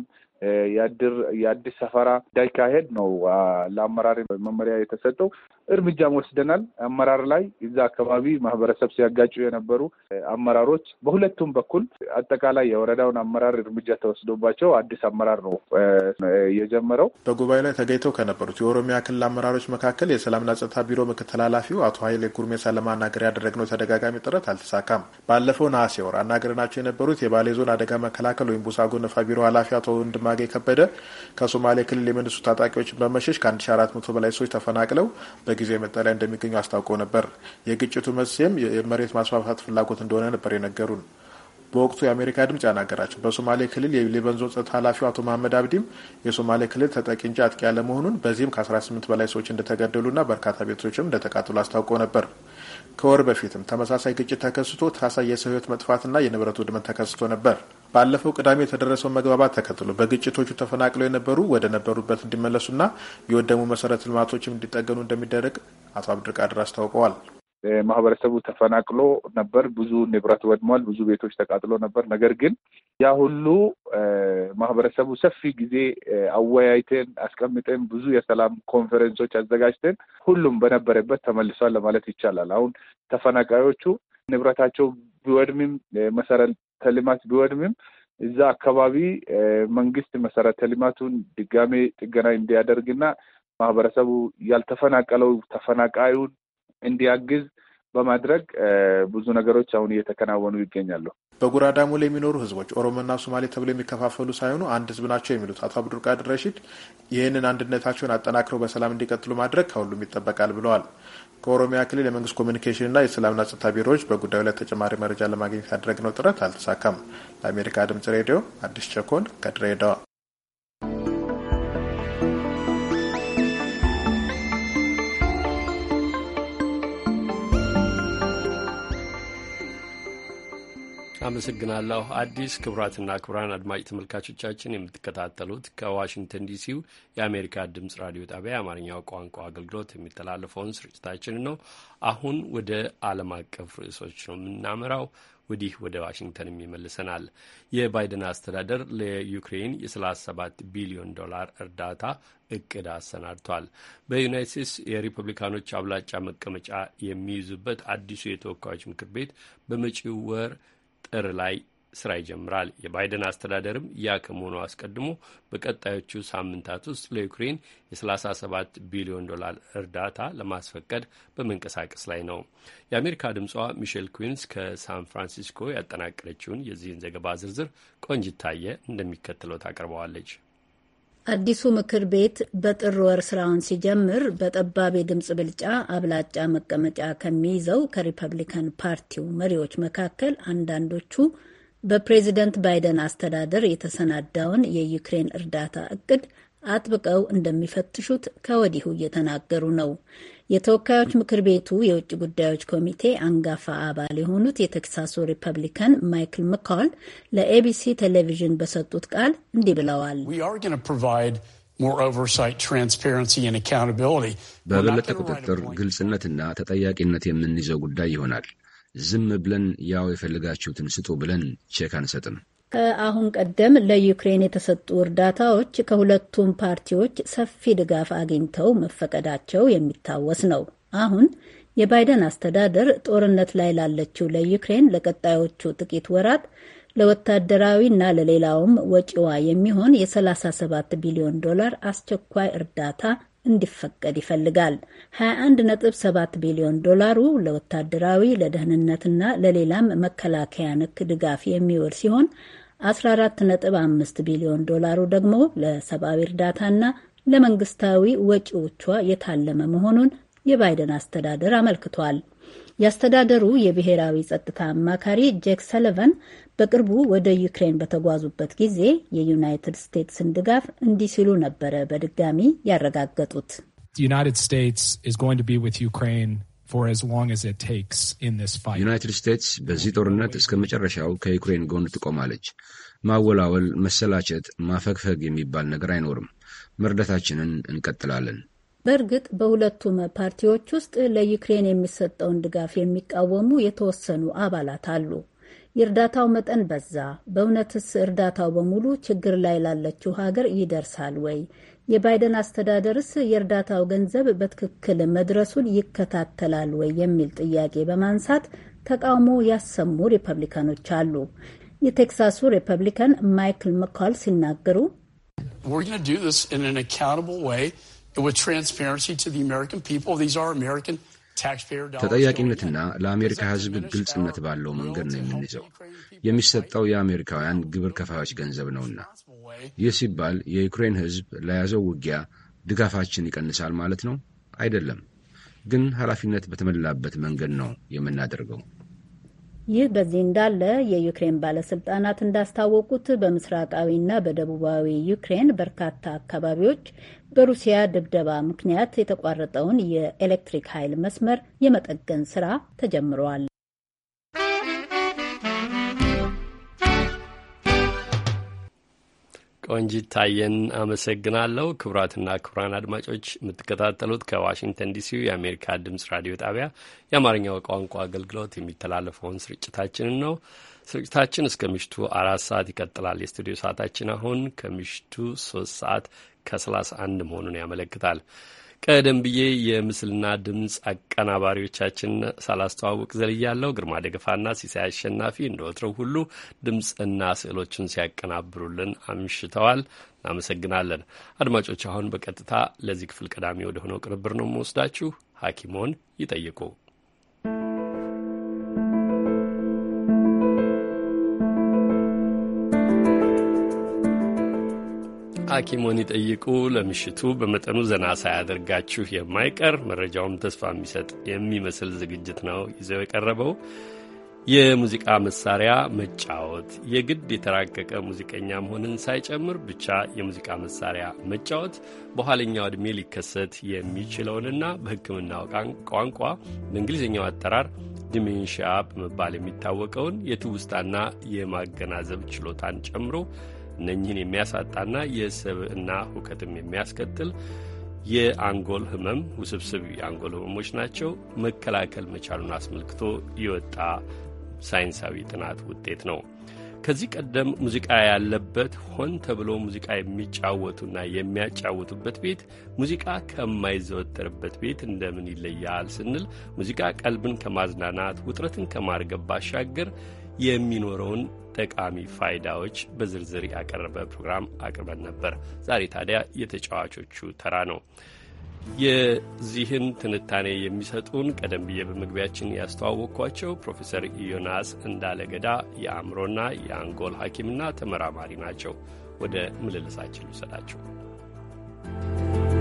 የአዲስ ሰፈራ እንዳይካሄድ ነው ለአመራር መመሪያ የተሰጠው። እርምጃም ወስደናል። አመራር ላይ እዛ አካባቢ ማህበረሰብ ሲያጋጩ የነበሩ አመራሮች በሁለቱም በኩል አጠቃላይ የወረዳውን አመራር እርምጃ ተወስዶባቸው አዲስ አመራር ነው የጀመረው። በጉባኤ ላይ ተገኝተው ከነበሩት የኦሮሚያ ክልል አመራሮች መካከል የሰላምና ጸጥታ ቢሮ ምክትል ኃላፊው አቶ ኃይሌ ጉርሜሳ ለማናገር ያደረግነው ተደጋጋሚ ጥረት አልተሳካም። ባለፈው ነሐሴ ወር አናገርናቸው የነበሩት የባሌ ዞን አደጋ መካ መከላከል ወይም ጎነፋ ቢሮ ኃላፊ አቶ ወንድማገ ከበደ ከሶማሌ ክልል የመንግስቱ ታጣቂዎችን በመሸሽ ከ1400 በላይ ሰዎች ተፈናቅለው በጊዜ መጠለያ እንደሚገኙ አስታውቀው ነበር። የግጭቱ መንስኤም የመሬት ማስፋፋት ፍላጎት እንደሆነ ነበር የነገሩን። በወቅቱ የአሜሪካ ድምጽ ያናገራቸው በሶማሌ ክልል የሊበን ዞን ጸጥታ ኃላፊው አቶ መሀመድ አብዲም የሶማሌ ክልል ተጠቂ እንጂ አጥቂ ያለመሆኑን በዚህም ከ18 በላይ ሰዎች እንደተገደሉና በርካታ ቤቶችም እንደተቃጠሉ አስታውቀው ነበር። ከወር በፊትም ተመሳሳይ ግጭት ተከስቶ ታሳይ የሰው ህይወት መጥፋትና የንብረት ውድመት ተከስቶ ነበር። ባለፈው ቅዳሜ የተደረሰውን መግባባት ተከትሎ በግጭቶቹ ተፈናቅለው የነበሩ ወደ ነበሩበት እንዲመለሱና የወደሙ መሰረተ ልማቶችም እንዲጠገኑ እንደሚደረግ አቶ አብድርቃድር አስታውቀዋል። ማህበረሰቡ ተፈናቅሎ ነበር። ብዙ ንብረት ወድሟል። ብዙ ቤቶች ተቃጥሎ ነበር። ነገር ግን ያ ሁሉ ማህበረሰቡ ሰፊ ጊዜ አወያይተን አስቀምጠን ብዙ የሰላም ኮንፈረንሶች አዘጋጅተን ሁሉም በነበረበት ተመልሷል ለማለት ይቻላል። አሁን ተፈናቃዮቹ ንብረታቸው ቢወድምም መሰረተ ልማት ቢወድምም እዛ አካባቢ መንግስት መሰረተ ልማቱን ድጋሜ ጥገና እንዲያደርግና ማህበረሰቡ ያልተፈናቀለው ተፈናቃዩን እንዲያግዝ በማድረግ ብዙ ነገሮች አሁን እየተከናወኑ ይገኛሉ። በጉራዳሙ ላይ የሚኖሩ ህዝቦች ኦሮሞና ሶማሌ ተብሎ የሚከፋፈሉ ሳይሆኑ አንድ ህዝብ ናቸው የሚሉት አቶ አብዱልቃድር ረሺድ ይህንን አንድነታቸውን አጠናክረው በሰላም እንዲቀጥሉ ማድረግ ከሁሉም ይጠበቃል ብለዋል። ከኦሮሚያ ክልል የመንግስት ኮሚኒኬሽንና የሰላምና ጸጥታ ቢሮዎች በጉዳዩ ላይ ተጨማሪ መረጃ ለማግኘት ያደረግነው ጥረት አልተሳካም። ለአሜሪካ ድምጽ ሬዲዮ አዲስ ቸኮል ከድሬዳዋ አመሰግናለሁ አዲስ። ክቡራትና ክቡራን አድማጭ ተመልካቾቻችን የምትከታተሉት ከዋሽንግተን ዲሲው የአሜሪካ ድምጽ ራዲዮ ጣቢያ የአማርኛው ቋንቋ አገልግሎት የሚተላለፈውን ስርጭታችን ነው። አሁን ወደ ዓለም አቀፍ ርዕሶች ነው የምናመራው። ወዲህ ወደ ዋሽንግተንም ይመልሰናል። የባይደን አስተዳደር ለዩክሬን የ37 ቢሊዮን ዶላር እርዳታ እቅድ አሰናድቷል። በዩናይት ስቴትስ የሪፐብሊካኖች አብላጫ መቀመጫ የሚይዙበት አዲሱ የተወካዮች ምክር ቤት በመጪው ወር ጥር ላይ ስራ ይጀምራል። የባይደን አስተዳደርም ያ ከመሆኑ አስቀድሞ በቀጣዮቹ ሳምንታት ውስጥ ለዩክሬን የ37 ቢሊዮን ዶላር እርዳታ ለማስፈቀድ በመንቀሳቀስ ላይ ነው። የአሜሪካ ድምጿ ሚሼል ኩዊንስ ከሳን ፍራንሲስኮ ያጠናቀረችውን የዚህን ዘገባ ዝርዝር ቆንጅታየ እንደሚከተለው ታቀርበዋለች። አዲሱ ምክር ቤት በጥር ወር ስራውን ሲጀምር በጠባብ የድምፅ ብልጫ አብላጫ መቀመጫ ከሚይዘው ከሪፐብሊካን ፓርቲው መሪዎች መካከል አንዳንዶቹ በፕሬዚደንት ባይደን አስተዳደር የተሰናዳውን የዩክሬን እርዳታ እቅድ አጥብቀው እንደሚፈትሹት ከወዲሁ እየተናገሩ ነው። የተወካዮች ምክር ቤቱ የውጭ ጉዳዮች ኮሚቴ አንጋፋ አባል የሆኑት የቴክሳሱ ሪፐብሊካን ማይክል መካል ለኤቢሲ ቴሌቪዥን በሰጡት ቃል እንዲህ ብለዋል። በበለጠ ቁጥጥር፣ ግልጽነትና ተጠያቂነት የምንይዘው ጉዳይ ይሆናል። ዝም ብለን ያው የፈልጋችሁትን ስጡ ብለን ቼክ አንሰጥም። ከአሁን ቀደም ለዩክሬን የተሰጡ እርዳታዎች ከሁለቱም ፓርቲዎች ሰፊ ድጋፍ አግኝተው መፈቀዳቸው የሚታወስ ነው። አሁን የባይደን አስተዳደር ጦርነት ላይ ላለችው ለዩክሬን ለቀጣዮቹ ጥቂት ወራት ለወታደራዊና ለሌላውም ወጪዋ የሚሆን የ37 ቢሊዮን ዶላር አስቸኳይ እርዳታ እንዲፈቀድ ይፈልጋል። 21.7 ቢሊዮን ዶላሩ ለወታደራዊ ለደህንነትና ለሌላም መከላከያ ንክ ድጋፍ የሚውል ሲሆን 14.5 ቢሊዮን ዶላሩ ደግሞ ለሰብአዊ እርዳታና ለመንግስታዊ ወጪዎቿ የታለመ መሆኑን የባይደን አስተዳደር አመልክቷል። የአስተዳደሩ የብሔራዊ ጸጥታ አማካሪ ጄክ ሰለቨን በቅርቡ ወደ ዩክሬን በተጓዙበት ጊዜ የዩናይትድ ስቴትስን ድጋፍ እንዲህ ሲሉ ነበረ በድጋሚ ያረጋገጡት ዩናይትድ ስቴትስ ዩናይትድ ስቴትስ በዚህ ጦርነት እስከ መጨረሻው ከዩክሬን ጎን ትቆማለች። ማወላወል፣ መሰላቸት፣ ማፈግፈግ የሚባል ነገር አይኖርም። መርዳታችንን እንቀጥላለን። በእርግጥ በሁለቱም ፓርቲዎች ውስጥ ለዩክሬን የሚሰጠውን ድጋፍ የሚቃወሙ የተወሰኑ አባላት አሉ። የእርዳታው መጠን በዛ። በእውነትስ እርዳታው በሙሉ ችግር ላይ ላለችው ሀገር ይደርሳል ወይ? የባይደን አስተዳደርስ የእርዳታው ገንዘብ በትክክል መድረሱን ይከታተላል ወይ የሚል ጥያቄ በማንሳት ተቃውሞ ያሰሙ ሪፐብሊካኖች አሉ። የቴክሳሱ ሪፐብሊካን ማይክል መካል ሲናገሩ ተጠያቂነትና ለአሜሪካ ሕዝብ ግልጽነት ባለው መንገድ ነው የምንይዘው የሚሰጠው የአሜሪካውያን ግብር ከፋዮች ገንዘብ ነውና ይህ ሲባል የዩክሬን ሕዝብ ለያዘው ውጊያ ድጋፋችን ይቀንሳል ማለት ነው? አይደለም። ግን ኃላፊነት በተሞላበት መንገድ ነው የምናደርገው። ይህ በዚህ እንዳለ የዩክሬን ባለስልጣናት እንዳስታወቁት በምስራቃዊና በደቡባዊ ዩክሬን በርካታ አካባቢዎች በሩሲያ ድብደባ ምክንያት የተቋረጠውን የኤሌክትሪክ ኃይል መስመር የመጠገን ስራ ተጀምረዋል። ቆንጂት ታየን አመሰግናለሁ። ክቡራትና ክቡራን አድማጮች የምትከታተሉት ከዋሽንግተን ዲሲ የአሜሪካ ድምጽ ራዲዮ ጣቢያ የአማርኛው ቋንቋ አገልግሎት የሚተላለፈውን ስርጭታችንን ነው። ስርጭታችን እስከ ምሽቱ አራት ሰዓት ይቀጥላል። የስቱዲዮ ሰዓታችን አሁን ከምሽቱ ሶስት ሰዓት ከሰላሳ አንድ መሆኑን ያመለክታል። ቀደም ብዬ የምስልና ድምፅ አቀናባሪዎቻችን ሳላስተዋውቅ ዘልያለው። ግርማ ደገፋና ሲሳይ አሸናፊ እንደ ወትረው ሁሉ ድምፅና ስዕሎችን ሲያቀናብሩልን አምሽተዋል። እናመሰግናለን። አድማጮች፣ አሁን በቀጥታ ለዚህ ክፍል ቀዳሚ ወደ ሆነው ቅንብር ነው የምወስዳችሁ። ሐኪሞን ይጠይቁ ሐኪሞን ይጠይቁ ለምሽቱ በመጠኑ ዘና ሳያደርጋችሁ የማይቀር መረጃውም ተስፋ የሚሰጥ የሚመስል ዝግጅት ነው ይዘው የቀረበው። የሙዚቃ መሳሪያ መጫወት የግድ የተራቀቀ ሙዚቀኛ መሆንን ሳይጨምር ብቻ የሙዚቃ መሳሪያ መጫወት በኋለኛው ዕድሜ ሊከሰት የሚችለውንና በሕክምናው ቋንቋ በእንግሊዝኛው አጠራር ዲሜንሽያ በመባል የሚታወቀውን የትውስታና የማገናዘብ ችሎታን ጨምሮ እነኝህን የሚያሳጣና የስብዕና ሁከትም የሚያስከትል የአንጎል ህመም ውስብስብ የአንጎል ህመሞች ናቸው መከላከል መቻሉን አስመልክቶ የወጣ ሳይንሳዊ ጥናት ውጤት ነው። ከዚህ ቀደም ሙዚቃ ያለበት ሆን ተብሎ ሙዚቃ የሚጫወቱና የሚያጫወቱበት ቤት ሙዚቃ ከማይዘወተርበት ቤት እንደምን ይለያል ስንል ሙዚቃ ቀልብን ከማዝናናት ውጥረትን ከማርገብ ባሻገር የሚኖረውን ጠቃሚ ፋይዳዎች በዝርዝር ያቀረበ ፕሮግራም አቅርበን ነበር። ዛሬ ታዲያ የተጫዋቾቹ ተራ ነው። የዚህን ትንታኔ የሚሰጡን ቀደም ብዬ በመግቢያችን ያስተዋወቅኳቸው ፕሮፌሰር ዮናስ እንዳለገዳ የአእምሮና የአንጎል ሐኪምና ተመራማሪ ናቸው። ወደ ምልልሳችን you.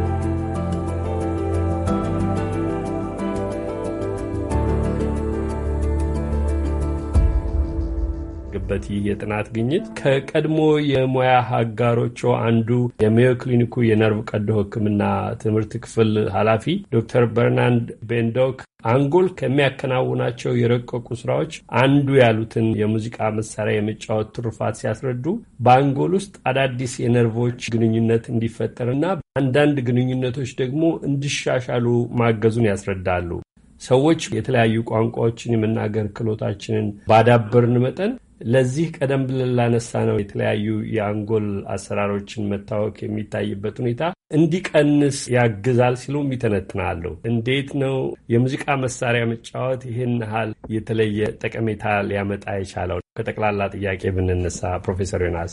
የሚደረግበት ይህ የጥናት ግኝት ከቀድሞ የሙያ አጋሮቹ አንዱ የሜዮ ክሊኒኩ የነርቭ ቀዶ ሕክምና ትምህርት ክፍል ኃላፊ ዶክተር በርናንድ ቤንዶክ አንጎል ከሚያከናውናቸው የረቀቁ ስራዎች አንዱ ያሉትን የሙዚቃ መሳሪያ የመጫወት ትሩፋት ሲያስረዱ በአንጎል ውስጥ አዳዲስ የነርቮች ግንኙነት እንዲፈጠርና አንዳንድ ግንኙነቶች ደግሞ እንዲሻሻሉ ማገዙን ያስረዳሉ። ሰዎች የተለያዩ ቋንቋዎችን የመናገር ክህሎታችንን ባዳበርን መጠን ለዚህ ቀደም ብለን ላነሳ ነው የተለያዩ የአንጎል አሰራሮችን መታወክ የሚታይበት ሁኔታ እንዲቀንስ ያግዛል ሲሉም ይተነትናሉ። እንዴት ነው የሙዚቃ መሳሪያ መጫወት ይህን ያህል የተለየ ጠቀሜታ ሊያመጣ የቻለው? ከጠቅላላ ጥያቄ ብንነሳ ፕሮፌሰር ዮናስ።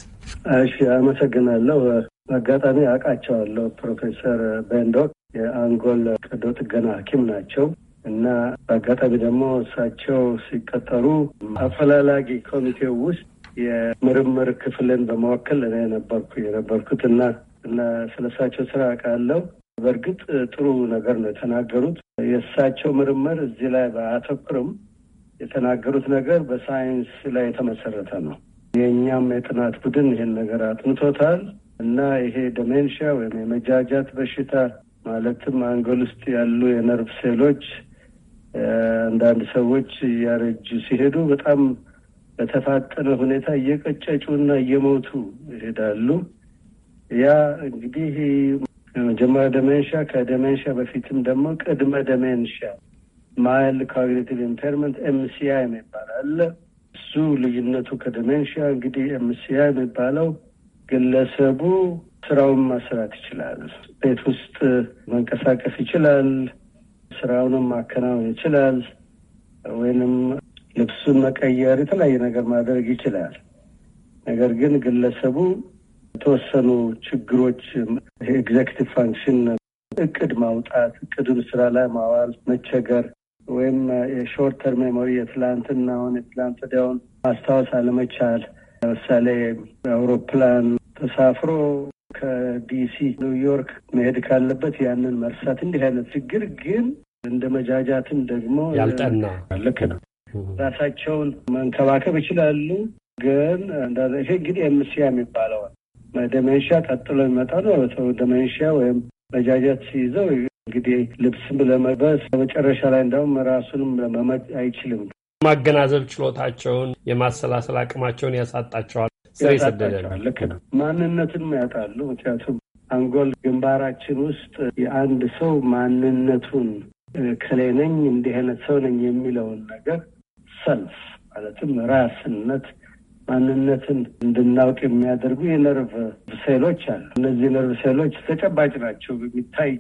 እሺ፣ አመሰግናለሁ። በአጋጣሚ አውቃቸዋለሁ። ፕሮፌሰር ቤንዶክ የአንጎል ቀዶ ጥገና ሐኪም ናቸው። እና በአጋጣሚ ደግሞ እሳቸው ሲቀጠሩ አፈላላጊ ኮሚቴው ውስጥ የምርምር ክፍልን በመወከል እኔ ነበርኩ የነበርኩት እና እና ስለ እሳቸው ስራ ቃለው በእርግጥ ጥሩ ነገር ነው የተናገሩት። የእሳቸው ምርምር እዚህ ላይ በአተኩርም የተናገሩት ነገር በሳይንስ ላይ የተመሰረተ ነው። የእኛም የጥናት ቡድን ይህን ነገር አጥንቶታል እና ይሄ ደሜንሽያ ወይም የመጃጃት በሽታ ማለትም አንጎል ውስጥ ያሉ የነርቭ ሴሎች አንዳንድ ሰዎች እያረጁ ሲሄዱ በጣም በተፋጠነ ሁኔታ እየቀጨጩና እየሞቱ ይሄዳሉ። ያ እንግዲህ መጀመሪያ ደመንሻ ከደመንሻ በፊትም ደግሞ ቅድመ ደመንሻ ማይልድ ኮግኒቲቭ ኢምፔርመንት ኤምሲአይ የሚባል አለ። እሱ ልዩነቱ ከደመንሻ እንግዲህ ኤምሲአይ የሚባለው ግለሰቡ ስራውን መስራት ይችላል። ቤት ውስጥ መንቀሳቀስ ይችላል። ስራውንም ማከናወን ይችላል፣ ወይንም ልብሱን መቀየር፣ የተለያየ ነገር ማድረግ ይችላል። ነገር ግን ግለሰቡ የተወሰኑ ችግሮች ኤግዜክቲቭ ፋንክሽን እቅድ ማውጣት፣ እቅዱን ስራ ላይ ማዋል መቸገር፣ ወይም የሾርት ተርም ሜሞሪ የትላንትናውን የትላንት ወዲያውን ማስታወስ አለመቻል። ለምሳሌ አውሮፕላን ተሳፍሮ ከዲሲ ኒውዮርክ መሄድ ካለበት ያንን መርሳት፣ እንዲህ አይነት ችግር ግን እንደ መጃጃትን ደግሞ ያልጠና ልክ ነው። ራሳቸውን መንከባከብ ይችላሉ። ግን ይሄ እንግዲህ ኤምሲያ የሚባለውን ደመንሻ ቀጥሎ የሚመጣ ነው። ሰው ደመንሻ ወይም መጃጃት ሲይዘው እንግዲህ ልብስም ለመበስ በመጨረሻ ላይ እንዲሁም ራሱንም ለመመድ አይችልም። ማገናዘብ ችሎታቸውን የማሰላሰል አቅማቸውን ያሳጣቸዋል። ማንነትን ልክ ነው። ያጣሉ። ምክንያቱም አንጎል ግንባራችን ውስጥ የአንድ ሰው ማንነቱን ከላይ ነኝ እንዲህ አይነት ሰው ነኝ የሚለውን ነገር ሰልፍ ማለትም ራስነት ማንነትን እንድናውቅ የሚያደርጉ የነርቭ ሴሎች አሉ። እነዚህ ነርቭ ሴሎች ተጨባጭ ናቸው፣ የሚታይ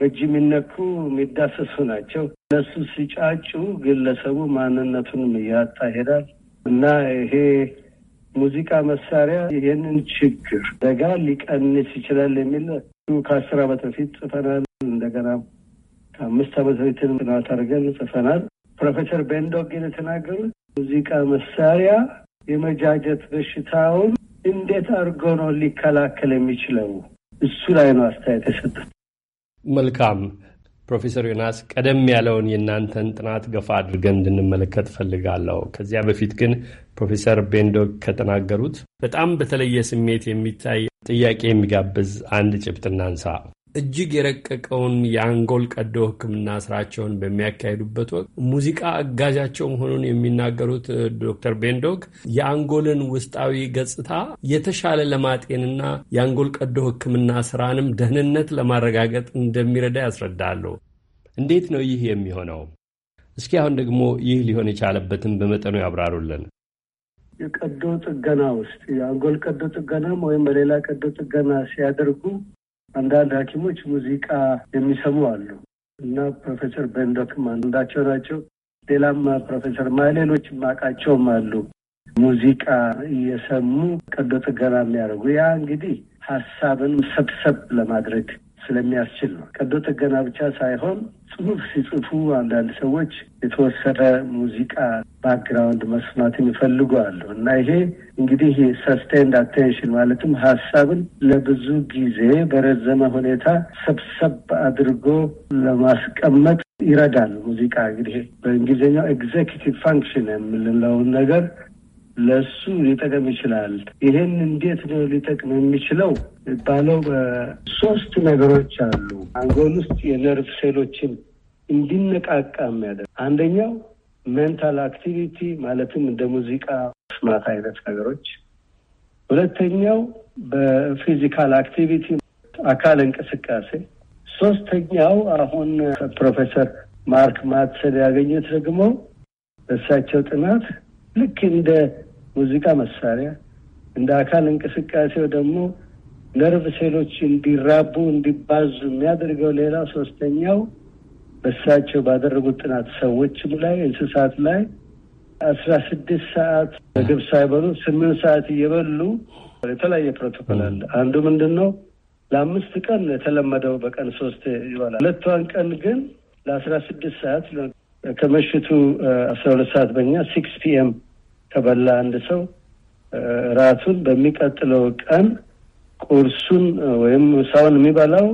በእጅ የሚነኩ የሚዳሰሱ ናቸው። እነሱ ሲጫጩ ግለሰቡ ማንነቱንም እያጣ ይሄዳል እና ይሄ ሙዚቃ መሳሪያ ይህንን ችግር ደጋ ሊቀንስ ይችላል የሚል ከአስር ዓመት በፊት ጽፈናል። እንደገና ከአምስት ዓመት በፊት ጥናት አድርገን ጽፈናል። ፕሮፌሰር ቤንዶግ የተናገሩት ሙዚቃ መሳሪያ የመጃጀት በሽታውን እንዴት አድርጎ ነው ሊከላከል የሚችለው? እሱ ላይ ነው አስተያየት የሰጡት። መልካም ፕሮፌሰር ዮናስ ቀደም ያለውን የእናንተን ጥናት ገፋ አድርገን እንድንመለከት ፈልጋለሁ። ከዚያ በፊት ግን ፕሮፌሰር ቤንዶግ ከተናገሩት በጣም በተለየ ስሜት የሚታይ ጥያቄ የሚጋብዝ አንድ ጭብጥ እናንሳ። እጅግ የረቀቀውን የአንጎል ቀዶ ሕክምና ስራቸውን በሚያካሂዱበት ወቅት ሙዚቃ አጋዣቸው መሆኑን የሚናገሩት ዶክተር ቤንዶግ የአንጎልን ውስጣዊ ገጽታ የተሻለ ለማጤንና የአንጎል ቀዶ ሕክምና ስራንም ደህንነት ለማረጋገጥ እንደሚረዳ ያስረዳሉ። እንዴት ነው ይህ የሚሆነው? እስኪ አሁን ደግሞ ይህ ሊሆን የቻለበትን በመጠኑ ያብራሩልን። የቀዶ ጥገና ውስጥ የአንጎል ቀዶ ጥገናም ወይም በሌላ ቀዶ ጥገና ሲያደርጉ አንዳንድ ሐኪሞች ሙዚቃ የሚሰሙ አሉ እና ፕሮፌሰር በንዶክም አንዳቸው ናቸው። ሌላም ፕሮፌሰር ማሌሎች ማቃቸውም አሉ ሙዚቃ እየሰሙ ቀዶ ጥገና የሚያደርጉ ያ እንግዲህ ሀሳብን ሰብሰብ ለማድረግ ስለሚያስችል ነው። ቀዶ ጥገና ብቻ ሳይሆን ጽሁፍ ሲጽፉ አንዳንድ ሰዎች የተወሰነ ሙዚቃ ባክግራውንድ መስማትን ይፈልጓሉ እና ይሄ እንግዲህ ሰስቴንድ አቴንሽን ማለትም ሀሳብን ለብዙ ጊዜ በረዘመ ሁኔታ ሰብሰብ አድርጎ ለማስቀመጥ ይረዳል። ሙዚቃ እንግዲህ በእንግሊዝኛው ኤግዜኪቲቭ ፋንክሽን የምንለውን ነገር ለሱ ሊጠቅም ይችላል። ይሄን እንዴት ነው ሊጠቅም የሚችለው ባለው ሶስት ነገሮች አሉ። አንጎል ውስጥ የነርቭ ሴሎችን እንዲነቃቃ የሚያደርግ አንደኛው ሜንታል አክቲቪቲ ማለትም እንደ ሙዚቃ ስማት አይነት ነገሮች፣ ሁለተኛው በፊዚካል አክቲቪቲ አካል እንቅስቃሴ፣ ሶስተኛው አሁን ፕሮፌሰር ማርክ ማትሰል ያገኙት ደግሞ እሳቸው ጥናት ልክ እንደ ሙዚቃ መሳሪያ፣ እንደ አካል እንቅስቃሴው ደግሞ ነርቭ ሴሎች እንዲራቡ እንዲባዙ የሚያደርገው ሌላ ሶስተኛው በሳቸው ባደረጉት ጥናት ሰዎችም ላይ እንስሳት ላይ አስራ ስድስት ሰዓት ምግብ ሳይበሉ ስምንት ሰዓት እየበሉ የተለያየ ፕሮቶኮል አለ። አንዱ ምንድን ነው ለአምስት ቀን የተለመደው በቀን ሶስት ይበላል። ሁለቷን ቀን ግን ለአስራ ስድስት ሰዓት ከምሽቱ አስራ ሁለት ሰዓት በኛ ሲክስ ፒኤም ከበላ አንድ ሰው ራቱን በሚቀጥለው ቀን ቁርሱን ወይም ምሳውን የሚበላው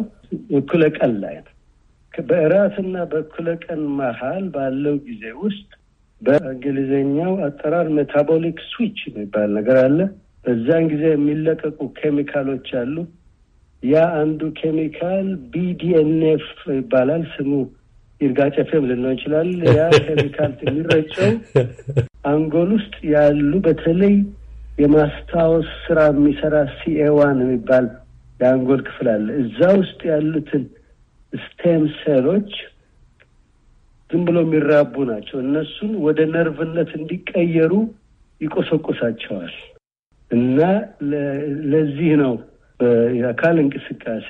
እኩለ ቀን ላይ ነው። በእራትና በእኩለ ቀን መሀል ባለው ጊዜ ውስጥ በእንግሊዝኛው አጠራር ሜታቦሊክ ስዊች የሚባል ነገር አለ። በዛን ጊዜ የሚለቀቁ ኬሚካሎች አሉ። ያ አንዱ ኬሚካል ቢዲኤንኤፍ ይባላል ስሙ ይርጋ ጨፌም ልንለው እንችላል። ያ ኬሚካል የሚረጨው አንጎል ውስጥ ያሉ በተለይ የማስታወስ ስራ የሚሰራ ሲኤዋን የሚባል የአንጎል ክፍል አለ። እዛ ውስጥ ያሉትን ስቴም ሴሎች ዝም ብሎ የሚራቡ ናቸው። እነሱን ወደ ነርቭነት እንዲቀየሩ ይቆሰቁሳቸዋል። እና ለዚህ ነው የአካል እንቅስቃሴ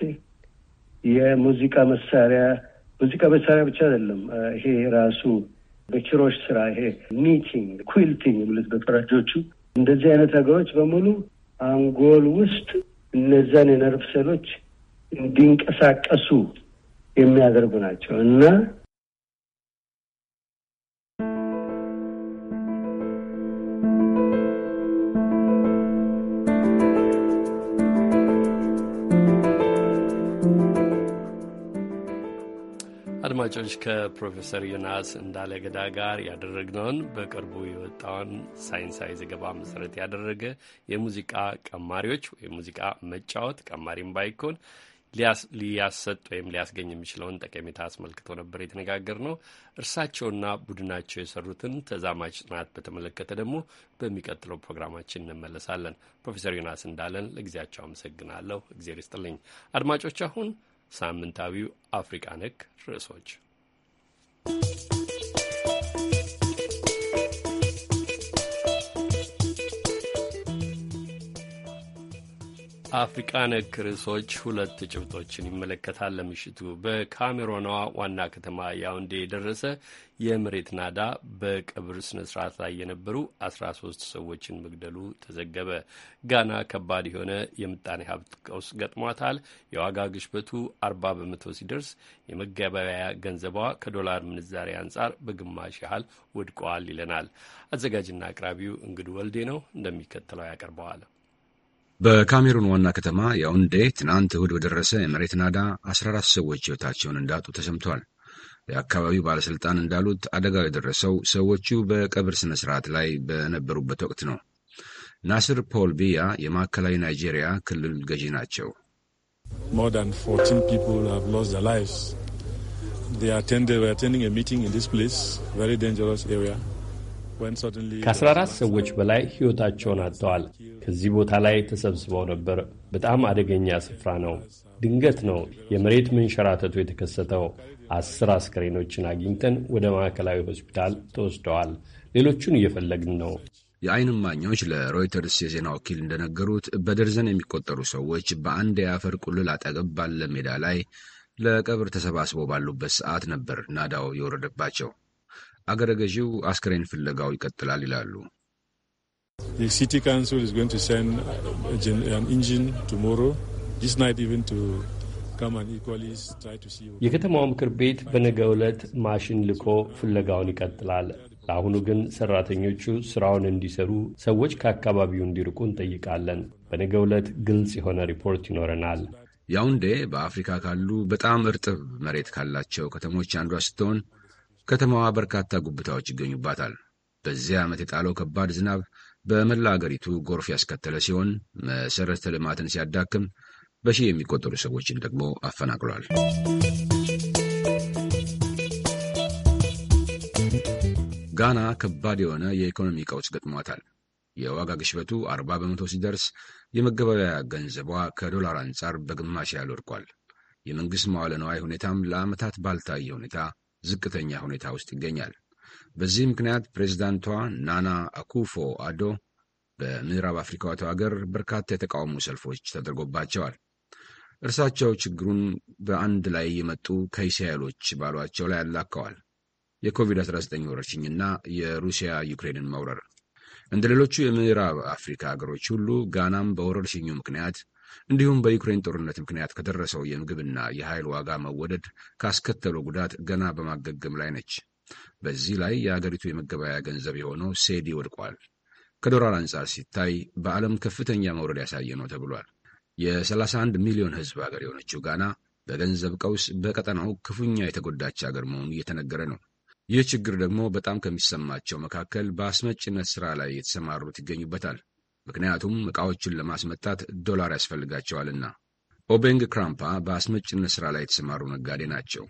የሙዚቃ መሳሪያ ሙዚቃ መሳሪያ ብቻ አይደለም። ይሄ ራሱ በኪሮሽ ስራ ይሄ ኒቲንግ፣ ኩልቲንግ የሚሉት በፈረንጆቹ እንደዚህ አይነት ነገሮች በሙሉ አንጎል ውስጥ እነዛን የነርቭ ሴሎች እንዲንቀሳቀሱ የሚያደርጉ ናቸው እና አድማጮች ከፕሮፌሰር ዮናስ እንዳለ ገዳ ጋር ያደረግነውን በቅርቡ የወጣውን ሳይንሳዊ ዘገባ መሰረት ያደረገ የሙዚቃ ቀማሪዎች ወይም ሙዚቃ መጫወት ቀማሪም ባይኮን ሊያሰጥ ወይም ሊያስገኝ የሚችለውን ጠቀሜታ አስመልክቶ ነበር የተነጋገር ነው። እርሳቸውና ቡድናቸው የሰሩትን ተዛማች ጥናት በተመለከተ ደግሞ በሚቀጥለው ፕሮግራማችን እንመለሳለን። ፕሮፌሰር ዮናስ እንዳለን ለጊዜያቸው አመሰግናለሁ። እግዜር ይስጥልኝ። አድማጮች አሁን ሳምንታዊው አፍሪቃ ነክ ርዕሶች አፍሪቃ ነክ ርዕሶች ሁለት ጭብጦችን ይመለከታል። ለምሽቱ በካሜሮኗ ዋና ከተማ ያውንዴ የደረሰ የመሬት ናዳ በቀብር ስነ ስርዓት ላይ የነበሩ አስራ ሶስት ሰዎችን መግደሉ ተዘገበ። ጋና ከባድ የሆነ የምጣኔ ሀብት ቀውስ ገጥሟታል። የዋጋ ግሽበቱ አርባ በመቶ ሲደርስ የመገበያያ ገንዘቧ ከዶላር ምንዛሬ አንጻር በግማሽ ያህል ወድቀዋል ይለናል። አዘጋጅና አቅራቢው እንግዱ ወልዴ ነው፣ እንደሚከተለው ያቀርበዋል። በካሜሩን ዋና ከተማ ያውንዴ ትናንት እሁድ በደረሰ የመሬት ናዳ 14 ሰዎች ሕይወታቸውን እንዳጡ ተሰምቷል። የአካባቢው ባለሥልጣን እንዳሉት አደጋው የደረሰው ሰዎቹ በቀብር ሥነ ሥርዓት ላይ በነበሩበት ወቅት ነው። ናስር ፖል ቢያ የማዕከላዊ ናይጄሪያ ክልል ገዢ ናቸው። ሞር ከ14 ሰዎች በላይ ሕይወታቸውን አጥተዋል። ከዚህ ቦታ ላይ ተሰብስበው ነበር። በጣም አደገኛ ስፍራ ነው። ድንገት ነው የመሬት መንሸራተቱ የተከሰተው። አስር አስከሬኖችን አግኝተን ወደ ማዕከላዊ ሆስፒታል ተወስደዋል። ሌሎቹን እየፈለግን ነው። የዓይን እማኞች ለሮይተርስ የዜና ወኪል እንደነገሩት በደርዘን የሚቆጠሩ ሰዎች በአንድ የአፈር ቁልል አጠገብ ባለ ሜዳ ላይ ለቀብር ተሰባስበው ባሉበት ሰዓት ነበር ናዳው የወረደባቸው። አገረ ገዢው አስክሬን ፍለጋው ይቀጥላል ይላሉ። ሲቲ ካውንስል ኢዝ ጎይንግ ቱ የከተማው ምክር ቤት በነገ ዕለት ማሽን ልኮ ፍለጋውን ይቀጥላል። ለአሁኑ ግን ሰራተኞቹ ስራውን እንዲሰሩ ሰዎች ከአካባቢው እንዲርቁ እንጠይቃለን። በነገ ዕለት ግልጽ የሆነ ሪፖርት ይኖረናል። ያውንዴ በአፍሪካ ካሉ በጣም እርጥብ መሬት ካላቸው ከተሞች አንዷ ስትሆን ከተማዋ በርካታ ጉብታዎች ይገኙባታል። በዚህ ዓመት የጣለው ከባድ ዝናብ በመላ አገሪቱ ጎርፍ ያስከተለ ሲሆን መሠረተ ልማትን ሲያዳክም በሺህ የሚቆጠሩ ሰዎችን ደግሞ አፈናቅሏል። ጋና ከባድ የሆነ የኢኮኖሚ ቀውስ ገጥሟታል። የዋጋ ግሽበቱ አርባ በመቶ ሲደርስ የመገበያያ ገንዘቧ ከዶላር አንጻር በግማሽ ያህል ወድቋል። የመንግሥት መዋለ ሁኔታም ለዓመታት ባልታየ ሁኔታ ዝቅተኛ ሁኔታ ውስጥ ይገኛል። በዚህ ምክንያት ፕሬዚዳንቷ ናና አኩፎ አዶ በምዕራብ አፍሪካዊቷ ሀገር በርካታ የተቃውሞ ሰልፎች ተደርጎባቸዋል። እርሳቸው ችግሩን በአንድ ላይ የመጡ ከይሳኤሎች ባሏቸው ላይ አላከዋል። የኮቪድ የኮቪድ-19 ወረርሽኝና የሩሲያ ዩክሬንን መውረር እንደ ሌሎቹ የምዕራብ አፍሪካ ሀገሮች ሁሉ ጋናም በወረርሽኙ ምክንያት እንዲሁም በዩክሬን ጦርነት ምክንያት ከደረሰው የምግብና የኃይል ዋጋ መወደድ ካስከተለው ጉዳት ገና በማገገም ላይ ነች። በዚህ ላይ የአገሪቱ የመገበያያ ገንዘብ የሆነው ሴዲ ወድቋል። ከዶላር አንጻር ሲታይ በዓለም ከፍተኛ መውረድ ያሳየ ነው ተብሏል። የ31 ሚሊዮን ሕዝብ ሀገር የሆነችው ጋና በገንዘብ ቀውስ በቀጠናው ክፉኛ የተጎዳች ሀገር መሆኑ እየተነገረ ነው። ይህ ችግር ደግሞ በጣም ከሚሰማቸው መካከል በአስመጭነት ሥራ ላይ የተሰማሩት ይገኙበታል። ምክንያቱም እቃዎችን ለማስመጣት ዶላር ያስፈልጋቸዋልና። ኦቤንግ ክራምፓ በአስመጭነት ሥራ ላይ የተሰማሩ ነጋዴ ናቸው።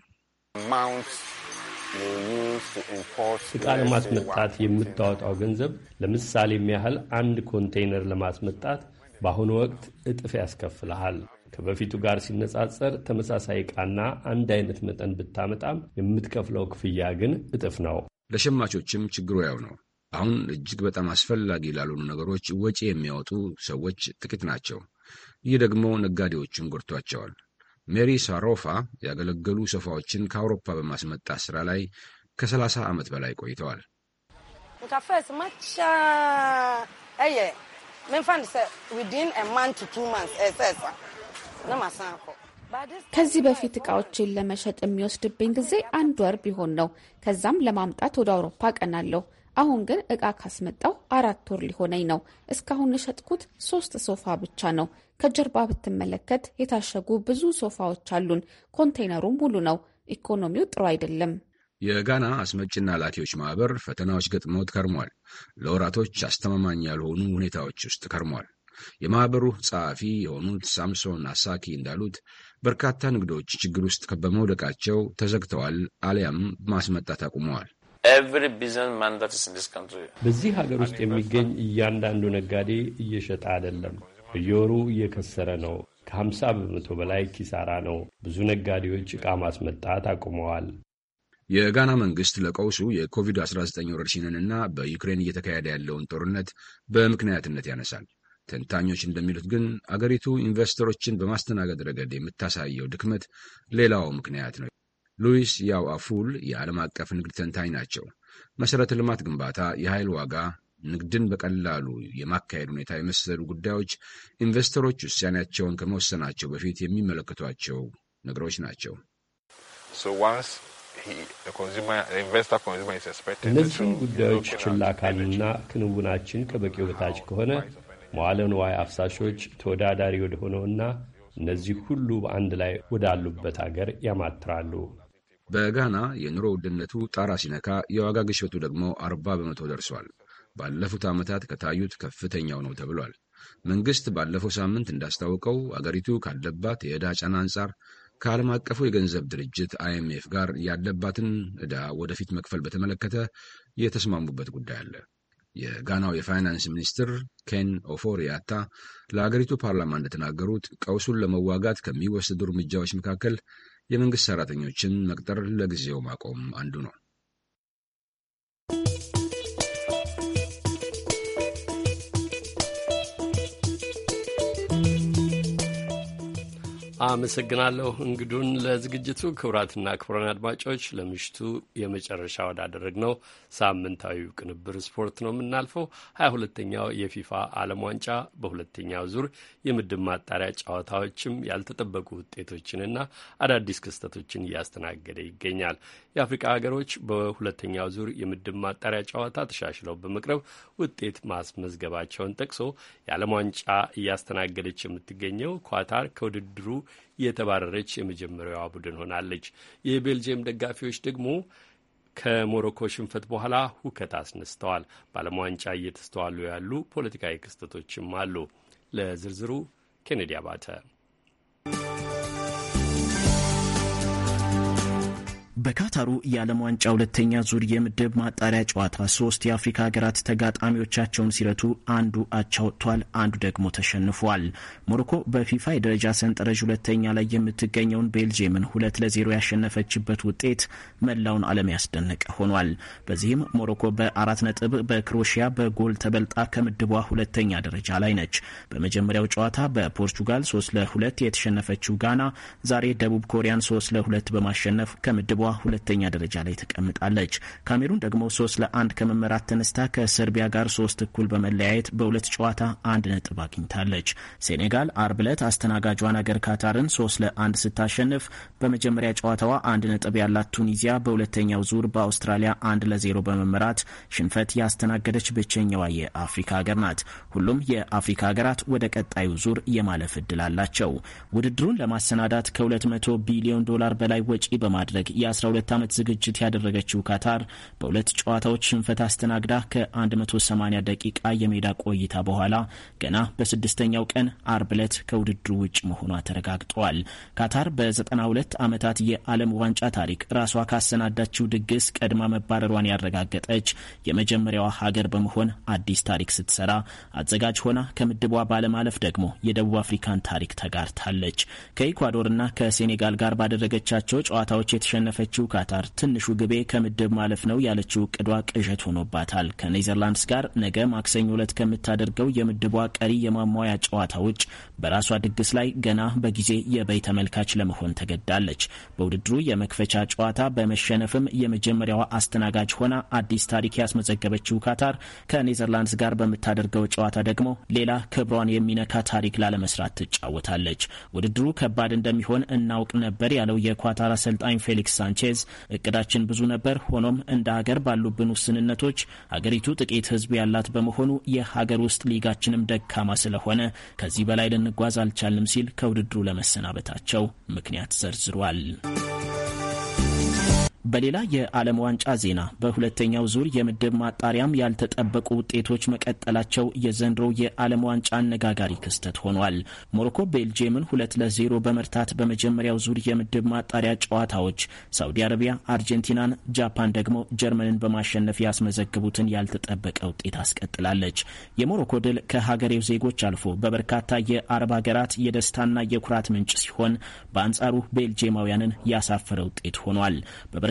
ዕቃ ለማስመጣት የምታወጣው ገንዘብ ለምሳሌ ያህል አንድ ኮንቴይነር ለማስመጣት በአሁኑ ወቅት እጥፍ ያስከፍልሃል። ከበፊቱ ጋር ሲነጻጸር ተመሳሳይ ዕቃና አንድ አይነት መጠን ብታመጣም የምትከፍለው ክፍያ ግን እጥፍ ነው። ለሸማቾችም ችግሩ ያው ነው። አሁን እጅግ በጣም አስፈላጊ ላልሆኑ ነገሮች ወጪ የሚያወጡ ሰዎች ጥቂት ናቸው። ይህ ደግሞ ነጋዴዎቹን ጎድቷቸዋል። ሜሪ ሳሮፋ ያገለገሉ ሶፋዎችን ከአውሮፓ በማስመጣት ሥራ ላይ ከ30 ዓመት በላይ ቆይተዋል። eh, ከዚህ በፊት እቃዎችን ለመሸጥ የሚወስድብኝ ጊዜ አንድ ወር ቢሆን ነው። ከዛም ለማምጣት ወደ አውሮፓ ቀናለሁ። አሁን ግን እቃ ካስመጣው አራት ወር ሊሆነኝ ነው። እስካሁን የሸጥኩት ሶስት ሶፋ ብቻ ነው። ከጀርባ ብትመለከት የታሸጉ ብዙ ሶፋዎች አሉን። ኮንቴይነሩ ሙሉ ነው። ኢኮኖሚው ጥሩ አይደለም። የጋና አስመጭና ላኪዎች ማህበር ፈተናዎች ገጥመውት ከርሟል። ለወራቶች አስተማማኝ ያልሆኑ ሁኔታዎች ውስጥ ከርሟል። የማህበሩ ጸሐፊ የሆኑት ሳምሶን አሳኪ እንዳሉት በርካታ ንግዶች ችግር ውስጥ በመውደቃቸው ተዘግተዋል አሊያም ማስመጣት አቁመዋል። በዚህ ሀገር ውስጥ የሚገኝ እያንዳንዱ ነጋዴ እየሸጠ አይደለም፣ በየወሩ እየከሰረ ነው። ከሀምሳ በመቶ በላይ ኪሳራ ነው። ብዙ ነጋዴዎች ዕቃ ማስመጣት አቁመዋል። የጋና መንግስት ለቀውሱ የኮቪድ-19 ወረርሽንንና በዩክሬን እየተካሄደ ያለውን ጦርነት በምክንያትነት ያነሳል። ተንታኞች እንደሚሉት ግን አገሪቱ ኢንቨስተሮችን በማስተናገድ ረገድ የምታሳየው ድክመት ሌላው ምክንያት ነው። ሉዊስ ያው አፉል የዓለም አቀፍ ንግድ ተንታኝ ናቸው። መሠረተ ልማት ግንባታ፣ የኃይል ዋጋ፣ ንግድን በቀላሉ የማካሄድ ሁኔታ የመሰሉ ጉዳዮች ኢንቨስተሮች ውሳኔያቸውን ከመወሰናቸው በፊት የሚመለከቷቸው ነገሮች ናቸው። እነዚህን ጉዳዮች ችላ ክንውናችን ከበቂው በታች ከሆነ መዋለ ንዋይ አፍሳሾች ተወዳዳሪ ወደሆነውና እነዚህ ሁሉ በአንድ ላይ ወዳሉበት አገር ያማትራሉ። በጋና የኑሮ ውድነቱ ጣራ ሲነካ የዋጋ ግሽበቱ ደግሞ አርባ በመቶ ደርሷል። ባለፉት ዓመታት ከታዩት ከፍተኛው ነው ተብሏል። መንግሥት ባለፈው ሳምንት እንዳስታወቀው አገሪቱ ካለባት የዕዳ ጫና አንጻር ከዓለም አቀፉ የገንዘብ ድርጅት አይኤምኤፍ ጋር ያለባትን ዕዳ ወደፊት መክፈል በተመለከተ የተስማሙበት ጉዳይ አለ። የጋናው የፋይናንስ ሚኒስትር ኬን ኦፎሪያታ ለአገሪቱ ፓርላማ እንደተናገሩት ቀውሱን ለመዋጋት ከሚወሰዱ እርምጃዎች መካከል የመንግሥት ሠራተኞችን መቅጠር ለጊዜው ማቆም አንዱ ነው። አመሰግናለሁ እንግዱን ለዝግጅቱ። ክቡራትና ክቡራን አድማጮች ለምሽቱ የመጨረሻ ነው ሳምንታዊ ቅንብር ስፖርት ነው የምናልፈው። ሀያ ሁለተኛው የፊፋ ዓለም ዋንጫ በሁለተኛው ዙር የምድብ ማጣሪያ ጨዋታዎችም ያልተጠበቁ ውጤቶችንና አዳዲስ ክስተቶችን እያስተናገደ ይገኛል። የአፍሪካ ሀገሮች በሁለተኛው ዙር የምድብ ማጣሪያ ጨዋታ ተሻሽለው በመቅረብ ውጤት ማስመዝገባቸውን ጠቅሶ የዓለም ዋንጫ እያስተናገደች የምትገኘው ኳታር ከውድድሩ የተባረረች የመጀመሪያዋ ቡድን ሆናለች። የቤልጅየም ደጋፊዎች ደግሞ ከሞሮኮ ሽንፈት በኋላ ሁከት አስነስተዋል። በዓለም ዋንጫ እየተስተዋሉ ያሉ ፖለቲካዊ ክስተቶችም አሉ። ለዝርዝሩ ኬኔዲ አባተ በካታሩ የዓለም ዋንጫ ሁለተኛ ዙር የምድብ ማጣሪያ ጨዋታ ሶስት የአፍሪካ ሀገራት ተጋጣሚዎቻቸውን ሲረቱ አንዱ አቻ ወጥቷል፣ አንዱ ደግሞ ተሸንፏል። ሞሮኮ በፊፋ የደረጃ ሰንጠረዥ ሁለተኛ ላይ የምትገኘውን ቤልጅየምን ሁለት ለዜሮ ያሸነፈችበት ውጤት መላውን ዓለም ያስደነቀ ሆኗል። በዚህም ሞሮኮ በአራት ነጥብ በክሮሺያ በጎል ተበልጣ ከምድቧ ሁለተኛ ደረጃ ላይ ነች። በመጀመሪያው ጨዋታ በፖርቹጋል ሶስት ለሁለት የተሸነፈችው ጋና ዛሬ ደቡብ ኮሪያን ሶስት ለሁለት በማሸነፍ ከምድቧ ሁለተኛ ደረጃ ላይ ተቀምጣለች። ካሜሩን ደግሞ ሶስት ለአንድ ከመመራት ተነስታ ከሰርቢያ ጋር ሶስት እኩል በመለያየት በሁለት ጨዋታ አንድ ነጥብ አግኝታለች። ሴኔጋል አርብ ዕለት አስተናጋጇን አገር ካታርን ሶስት ለአንድ ስታሸንፍ በመጀመሪያ ጨዋታዋ አንድ ነጥብ ያላት ቱኒዚያ በሁለተኛው ዙር በአውስትራሊያ አንድ ለዜሮ በመመራት ሽንፈት ያስተናገደች ብቸኛዋ የአፍሪካ ሀገር ናት። ሁሉም የአፍሪካ ሀገራት ወደ ቀጣዩ ዙር የማለፍ እድል አላቸው። ውድድሩን ለማሰናዳት ከ200 ቢሊዮን ዶላር በላይ ወጪ በማድረግ የ ዓመት ዝግጅት ያደረገችው ካታር በሁለት ጨዋታዎች ሽንፈት አስተናግዳ ከ180 ደቂቃ የሜዳ ቆይታ በኋላ ገና በስድስተኛው ቀን አርብ ዕለት ከውድድሩ ውጭ መሆኗ ተረጋግጧል። ካታር በ92 ዓመታት የዓለም ዋንጫ ታሪክ ራሷ ካሰናዳችው ድግስ ቀድማ መባረሯን ያረጋገጠች የመጀመሪያዋ ሀገር በመሆን አዲስ ታሪክ ስትሰራ፣ አዘጋጅ ሆና ከምድቧ ባለማለፍ ደግሞ የደቡብ አፍሪካን ታሪክ ተጋርታለች። ከኢኳዶርና ከሴኔጋል ጋር ባደረገቻቸው ጨዋታዎች የተሸነፈ ያሳካችው ካታር ትንሹ ግቤ ከምድብ ማለፍ ነው ያለችው እቅዷ ቅዠት ሆኖባታል። ከኔዘርላንድስ ጋር ነገ ማክሰኞ ዕለት ከምታደርገው የምድቧ ቀሪ የማሟያ ጨዋታ ውጭ በራሷ ድግስ ላይ ገና በጊዜ የበይ ተመልካች ለመሆን ተገዳለች። በውድድሩ የመክፈቻ ጨዋታ በመሸነፍም የመጀመሪያዋ አስተናጋጅ ሆና አዲስ ታሪክ ያስመዘገበችው ካታር ከኔዘርላንድስ ጋር በምታደርገው ጨዋታ ደግሞ ሌላ ክብሯን የሚነካ ታሪክ ላለመስራት ትጫወታለች። ውድድሩ ከባድ እንደሚሆን እናውቅ ነበር ያለው የኳታር አሰልጣኝ ፌሊክስ ሳን ሳንቼዝ እቅዳችን ብዙ ነበር፣ ሆኖም እንደ ሀገር ባሉብን ውስንነቶች ሀገሪቱ ጥቂት ህዝብ ያላት በመሆኑ የሀገር ውስጥ ሊጋችንም ደካማ ስለሆነ ከዚህ በላይ ልንጓዝ አልቻልም ሲል ከውድድሩ ለመሰናበታቸው ምክንያት ዘርዝሯል። በሌላ የዓለም ዋንጫ ዜና በሁለተኛው ዙር የምድብ ማጣሪያም ያልተጠበቁ ውጤቶች መቀጠላቸው የዘንድሮ የዓለም ዋንጫ አነጋጋሪ ክስተት ሆኗል። ሞሮኮ ቤልጅየምን ሁለት ለዜሮ በመርታት በመጀመሪያው ዙር የምድብ ማጣሪያ ጨዋታዎች ሳውዲ አረቢያ አርጀንቲናን፣ ጃፓን ደግሞ ጀርመንን በማሸነፍ ያስመዘግቡትን ያልተጠበቀ ውጤት አስቀጥላለች። የሞሮኮ ድል ከሀገሬው ዜጎች አልፎ በበርካታ የአረብ ሀገራት የደስታና የኩራት ምንጭ ሲሆን፣ በአንጻሩ ቤልጅየማውያንን ያሳፈረ ውጤት ሆኗል።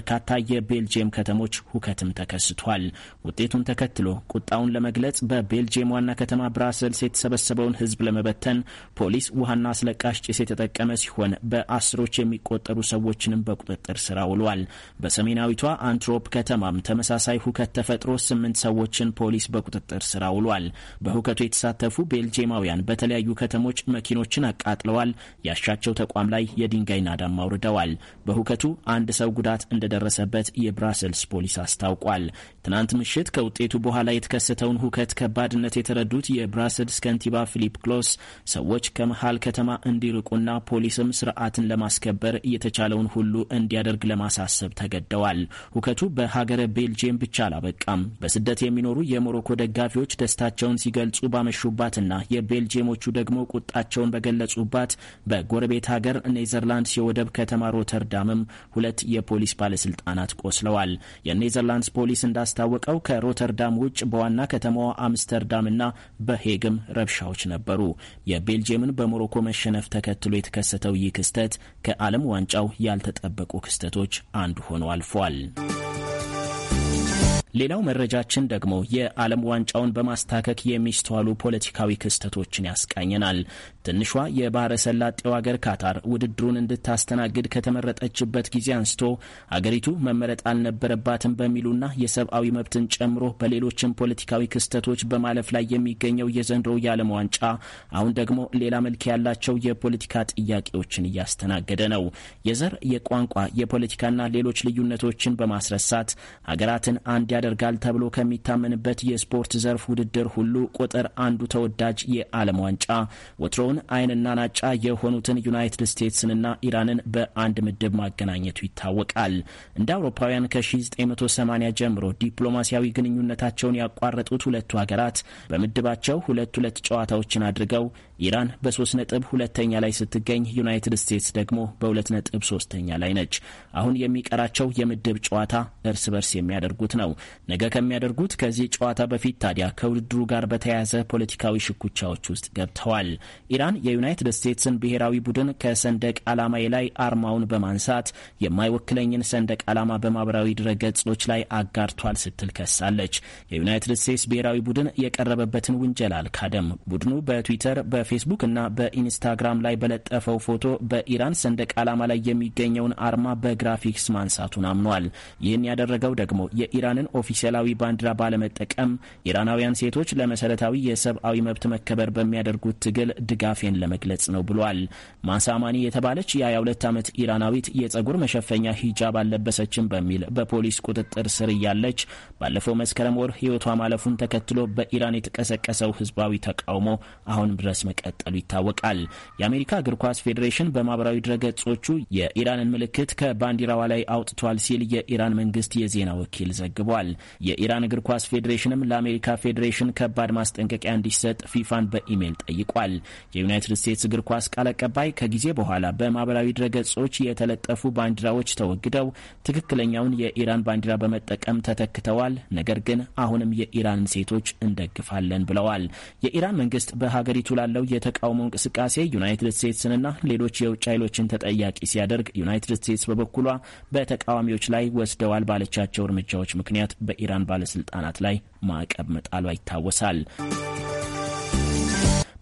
በበርካታ የቤልጅየም ከተሞች ሁከትም ተከስቷል። ውጤቱን ተከትሎ ቁጣውን ለመግለጽ በቤልጅየም ዋና ከተማ ብራሰልስ የተሰበሰበውን ሕዝብ ለመበተን ፖሊስ ውሃና አስለቃሽ ጭስ የተጠቀመ ሲሆን በአስሮች የሚቆጠሩ ሰዎችንም በቁጥጥር ስር አውሏል። በሰሜናዊቷ አንትሮፕ ከተማም ተመሳሳይ ሁከት ተፈጥሮ ስምንት ሰዎችን ፖሊስ በቁጥጥር ስር አውሏል። በሁከቱ የተሳተፉ ቤልጅየማውያን በተለያዩ ከተሞች መኪኖችን አቃጥለዋል። ያሻቸው ተቋም ላይ የድንጋይ ናዳም አውርደዋል። በሁከቱ አንድ ሰው ጉዳት እንደ እንደደረሰበት የብራሰልስ ፖሊስ አስታውቋል። ትናንት ምሽት ከውጤቱ በኋላ የተከሰተውን ሁከት ከባድነት የተረዱት የብራሰልስ ከንቲባ ፊሊፕ ክሎስ ሰዎች ከመሃል ከተማ እንዲርቁና ፖሊስም ስርዓትን ለማስከበር የተቻለውን ሁሉ እንዲያደርግ ለማሳሰብ ተገደዋል። ሁከቱ በሀገረ ቤልጅየም ብቻ አላበቃም። በስደት የሚኖሩ የሞሮኮ ደጋፊዎች ደስታቸውን ሲገልጹ ባመሹባትና የቤልጅየሞቹ ደግሞ ቁጣቸውን በገለጹባት በጎረቤት ሀገር ኔዘርላንድስ የወደብ ከተማ ሮተርዳምም ሁለት የፖሊስ ባለስ ባለስልጣናት ቆስለዋል። የኔዘርላንድስ ፖሊስ እንዳስታወቀው ከሮተርዳም ውጭ በዋና ከተማዋ አምስተርዳምና በሄግም ረብሻዎች ነበሩ። የቤልጅየምን በሞሮኮ መሸነፍ ተከትሎ የተከሰተው ይህ ክስተት ከዓለም ዋንጫው ያልተጠበቁ ክስተቶች አንዱ ሆኖ አልፏል። ሌላው መረጃችን ደግሞ የዓለም ዋንጫውን በማስታከክ የሚስተዋሉ ፖለቲካዊ ክስተቶችን ያስቃኘናል። ትንሿ የባህረ ሰላጤው አገር ካታር ውድድሩን እንድታስተናግድ ከተመረጠችበት ጊዜ አንስቶ አገሪቱ መመረጥ አልነበረባትም በሚሉና የሰብአዊ መብትን ጨምሮ በሌሎችም ፖለቲካዊ ክስተቶች በማለፍ ላይ የሚገኘው የዘንድሮ የዓለም ዋንጫ አሁን ደግሞ ሌላ መልክ ያላቸው የፖለቲካ ጥያቄዎችን እያስተናገደ ነው። የዘር፣ የቋንቋ፣ የፖለቲካና ሌሎች ልዩነቶችን በማስረሳት ሀገራትን አንድ ያደርጋል ተብሎ ከሚታመንበት የስፖርት ዘርፍ ውድድር ሁሉ ቁጥር አንዱ ተወዳጅ የዓለም ዋንጫ ወትሮውን ሰሞኑን አይንና ናጫ የሆኑትን ዩናይትድ ስቴትስንና ኢራንን በአንድ ምድብ ማገናኘቱ ይታወቃል። እንደ አውሮፓውያን ከ1980 ጀምሮ ዲፕሎማሲያዊ ግንኙነታቸውን ያቋረጡት ሁለቱ ሀገራት በምድባቸው ሁለት ሁለት ጨዋታዎችን አድርገው ኢራን 3 ነጥብ ሁለተኛ ላይ ስትገኝ ዩናይትድ ስቴትስ ደግሞ በሁለት ነጥብ ሶስተኛ ላይ ነች። አሁን የሚቀራቸው የምድብ ጨዋታ እርስ በርስ የሚያደርጉት ነው። ነገ ከሚያደርጉት ከዚህ ጨዋታ በፊት ታዲያ ከውድድሩ ጋር በተያያዘ ፖለቲካዊ ሽኩቻዎች ውስጥ ገብተዋል። ኢራን የዩናይትድ ስቴትስን ብሔራዊ ቡድን ከሰንደቅ ዓላማዬ ላይ አርማውን በማንሳት የማይወክለኝን ሰንደቅ ዓላማ በማህበራዊ ድረገጾች ላይ አጋርቷል ስትል ከሳለች። የዩናይትድ ስቴትስ ብሔራዊ ቡድን የቀረበበትን ውንጀላ አልካደም። ቡድኑ በትዊተር በፌስቡክ እና በኢንስታግራም ላይ በለጠፈው ፎቶ በኢራን ሰንደቅ ዓላማ ላይ የሚገኘውን አርማ በግራፊክስ ማንሳቱን አምኗል። ይህን ያደረገው ደግሞ የኢራንን ኦፊሴላዊ ባንዲራ ባለመጠቀም ኢራናውያን ሴቶች ለመሰረታዊ የሰብአዊ መብት መከበር በሚያደርጉት ትግል ድጋፍ ድጋፌን ለመግለጽ ነው ብሏል። ማሳማኒ የተባለች የ22 ዓመት ኢራናዊት የጸጉር መሸፈኛ ሂጃብ አለበሰችም በሚል በፖሊስ ቁጥጥር ስር እያለች ባለፈው መስከረም ወር ሕይወቷ ማለፉን ተከትሎ በኢራን የተቀሰቀሰው ህዝባዊ ተቃውሞ አሁንም ድረስ መቀጠሉ ይታወቃል። የአሜሪካ እግር ኳስ ፌዴሬሽን በማህበራዊ ድረገጾቹ የኢራንን ምልክት ከባንዲራዋ ላይ አውጥቷል ሲል የኢራን መንግስት የዜና ወኪል ዘግቧል። የኢራን እግር ኳስ ፌዴሬሽንም ለአሜሪካ ፌዴሬሽን ከባድ ማስጠንቀቂያ እንዲሰጥ ፊፋን በኢሜይል ጠይቋል። የዩናይትድ ስቴትስ እግር ኳስ ቃል አቀባይ ከጊዜ በኋላ በማህበራዊ ድረገጾች የተለጠፉ ባንዲራዎች ተወግደው ትክክለኛውን የኢራን ባንዲራ በመጠቀም ተተክተዋል፣ ነገር ግን አሁንም የኢራንን ሴቶች እንደግፋለን ብለዋል። የኢራን መንግስት በሀገሪቱ ላለው የተቃውሞ እንቅስቃሴ ዩናይትድ ስቴትስንና ሌሎች የውጭ ኃይሎችን ተጠያቂ ሲያደርግ ዩናይትድ ስቴትስ በበኩሏ በተቃዋሚዎች ላይ ወስደዋል ባለቻቸው እርምጃዎች ምክንያት በኢራን ባለስልጣናት ላይ ማዕቀብ መጣሏ ይታወሳል።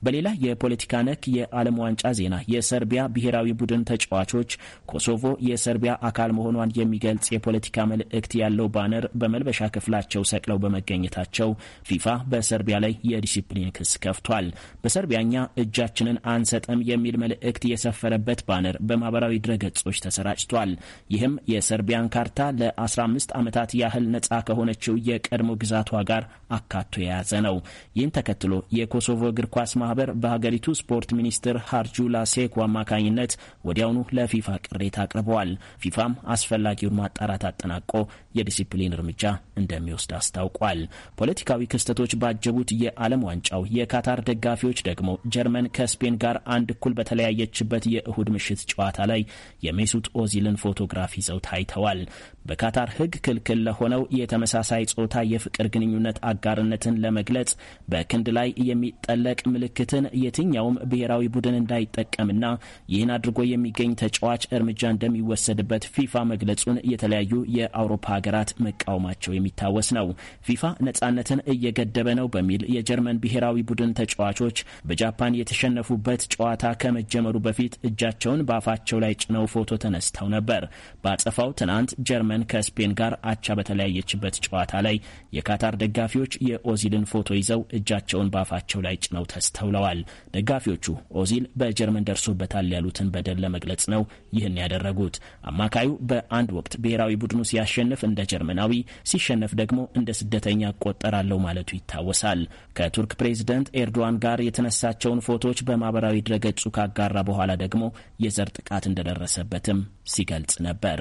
በሌላ የፖለቲካ ነክ የዓለም ዋንጫ ዜና የሰርቢያ ብሔራዊ ቡድን ተጫዋቾች ኮሶቮ የሰርቢያ አካል መሆኗን የሚገልጽ የፖለቲካ መልእክት ያለው ባነር በመልበሻ ክፍላቸው ሰቅለው በመገኘታቸው ፊፋ በሰርቢያ ላይ የዲሲፕሊን ክስ ከፍቷል። በሰርቢያኛ እጃችንን አንሰጥም የሚል መልእክት የሰፈረበት ባነር በማህበራዊ ድረገጾች ተሰራጭቷል። ይህም የሰርቢያን ካርታ ለ15 ዓመታት ያህል ነጻ ከሆነችው የቀድሞ ግዛቷ ጋር አካቶ የያዘ ነው። ይህን ተከትሎ የኮሶቮ እግር ኳስ ማህበር በሀገሪቱ ስፖርት ሚኒስትር ሃርጁላ ሴኩ አማካኝነት ወዲያውኑ ለፊፋ ቅሬታ አቅርበዋል። ፊፋም አስፈላጊውን ማጣራት አጠናቆ የዲሲፕሊን እርምጃ እንደሚወስድ አስታውቋል። ፖለቲካዊ ክስተቶች ባጀቡት የዓለም ዋንጫው የካታር ደጋፊዎች ደግሞ ጀርመን ከስፔን ጋር አንድ እኩል በተለያየችበት የእሁድ ምሽት ጨዋታ ላይ የሜሱት ኦዚልን ፎቶግራፍ ይዘው ታይተዋል። በካታር ሕግ ክልክል ለሆነው የተመሳሳይ ጾታ የፍቅር ግንኙነት አጋርነትን ለመግለጽ በክንድ ላይ የሚጠለቅ ምልክትን የትኛውም ብሔራዊ ቡድን እንዳይጠቀምና ይህን አድርጎ የሚገኝ ተጫዋች እርምጃ እንደሚወሰድበት ፊፋ መግለጹን የተለያዩ የአውሮፓ ሀገራት መቃወማቸው የሚታወስ ነው። ፊፋ ነጻነትን እየገደበ ነው በሚል የጀርመን ብሔራዊ ቡድን ተጫዋቾች በጃፓን የተሸነፉበት ጨዋታ ከመጀመሩ በፊት እጃቸውን በአፋቸው ላይ ጭነው ፎቶ ተነስተው ነበር። በአጸፋው ትናንት ጀርመን ጀርመን ከስፔን ጋር አቻ በተለያየችበት ጨዋታ ላይ የካታር ደጋፊዎች የኦዚልን ፎቶ ይዘው እጃቸውን በአፋቸው ላይ ጭነው ተስተውለዋል። ደጋፊዎቹ ኦዚል በጀርመን ደርሶበታል ያሉትን በደል ለመግለጽ ነው ይህን ያደረጉት። አማካዩ በአንድ ወቅት ብሔራዊ ቡድኑ ሲያሸንፍ እንደ ጀርመናዊ፣ ሲሸነፍ ደግሞ እንደ ስደተኛ እቆጠራለሁ ማለቱ ይታወሳል። ከቱርክ ፕሬዝደንት ኤርዶዋን ጋር የተነሳቸውን ፎቶዎች በማህበራዊ ድረገጹ ካጋራ በኋላ ደግሞ የዘር ጥቃት እንደደረሰበትም ሲገልጽ ነበር።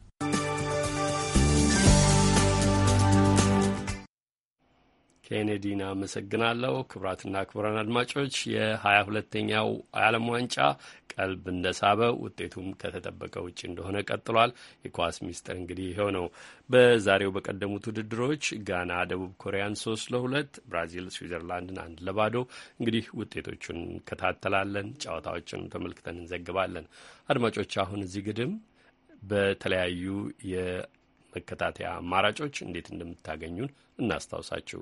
ኬኔዲን አመሰግናለሁ። ክቡራትና ክቡራን አድማጮች የሀያ ሁለተኛው አለም ዋንጫ ቀልብ እንደሳበ ውጤቱም ከተጠበቀ ውጭ እንደሆነ ቀጥሏል። የኳስ ሚስጥር እንግዲህ ይኸው ነው። በዛሬው በቀደሙት ውድድሮች ጋና ደቡብ ኮሪያን ሶስት ለሁለት፣ ብራዚል ስዊዘርላንድን አንድ ለባዶ እንግዲህ ውጤቶቹን እንከታተላለን። ጨዋታዎችን ተመልክተን እንዘግባለን። አድማጮች አሁን እዚህ ግድም በተለያዩ የመከታተያ አማራጮች እንዴት እንደምታገኙን እናስታውሳችሁ።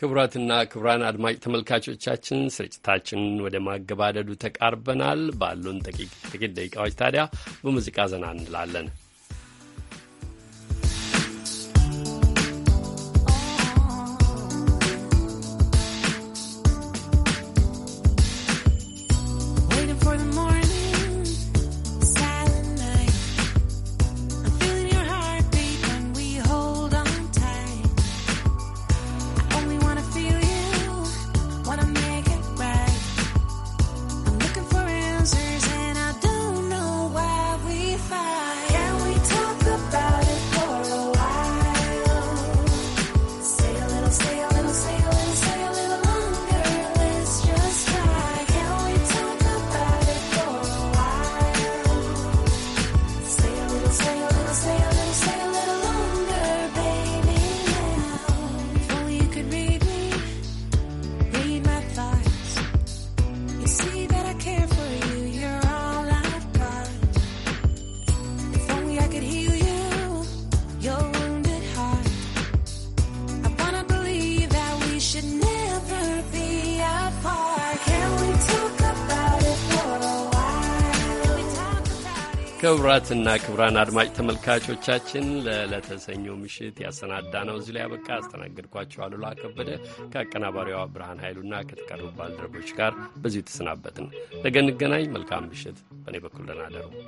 ክቡራትና ክቡራን አድማጭ ተመልካቾቻችን ስርጭታችንን ወደ ማገባደዱ ተቃርበናል። ባሉን ጥቂት ደቂቃዎች ታዲያ በሙዚቃ ዘና እንላለን። ክቡራትና ክቡራን አድማጭ ተመልካቾቻችን ለዕለተ ሰኞ ምሽት ያሰናዳ ነው እዚህ ላይ ያበቃ። ያስተናገድኳቸው አሉላ ከበደ ከአቀናባሪዋ ብርሃን ኃይሉና ከተቀሩ ባልደረቦች ጋር በዚሁ ተሰናበትን። ነገ እንገናኝ። መልካም ምሽት። በእኔ በኩል ደህና እደሩ።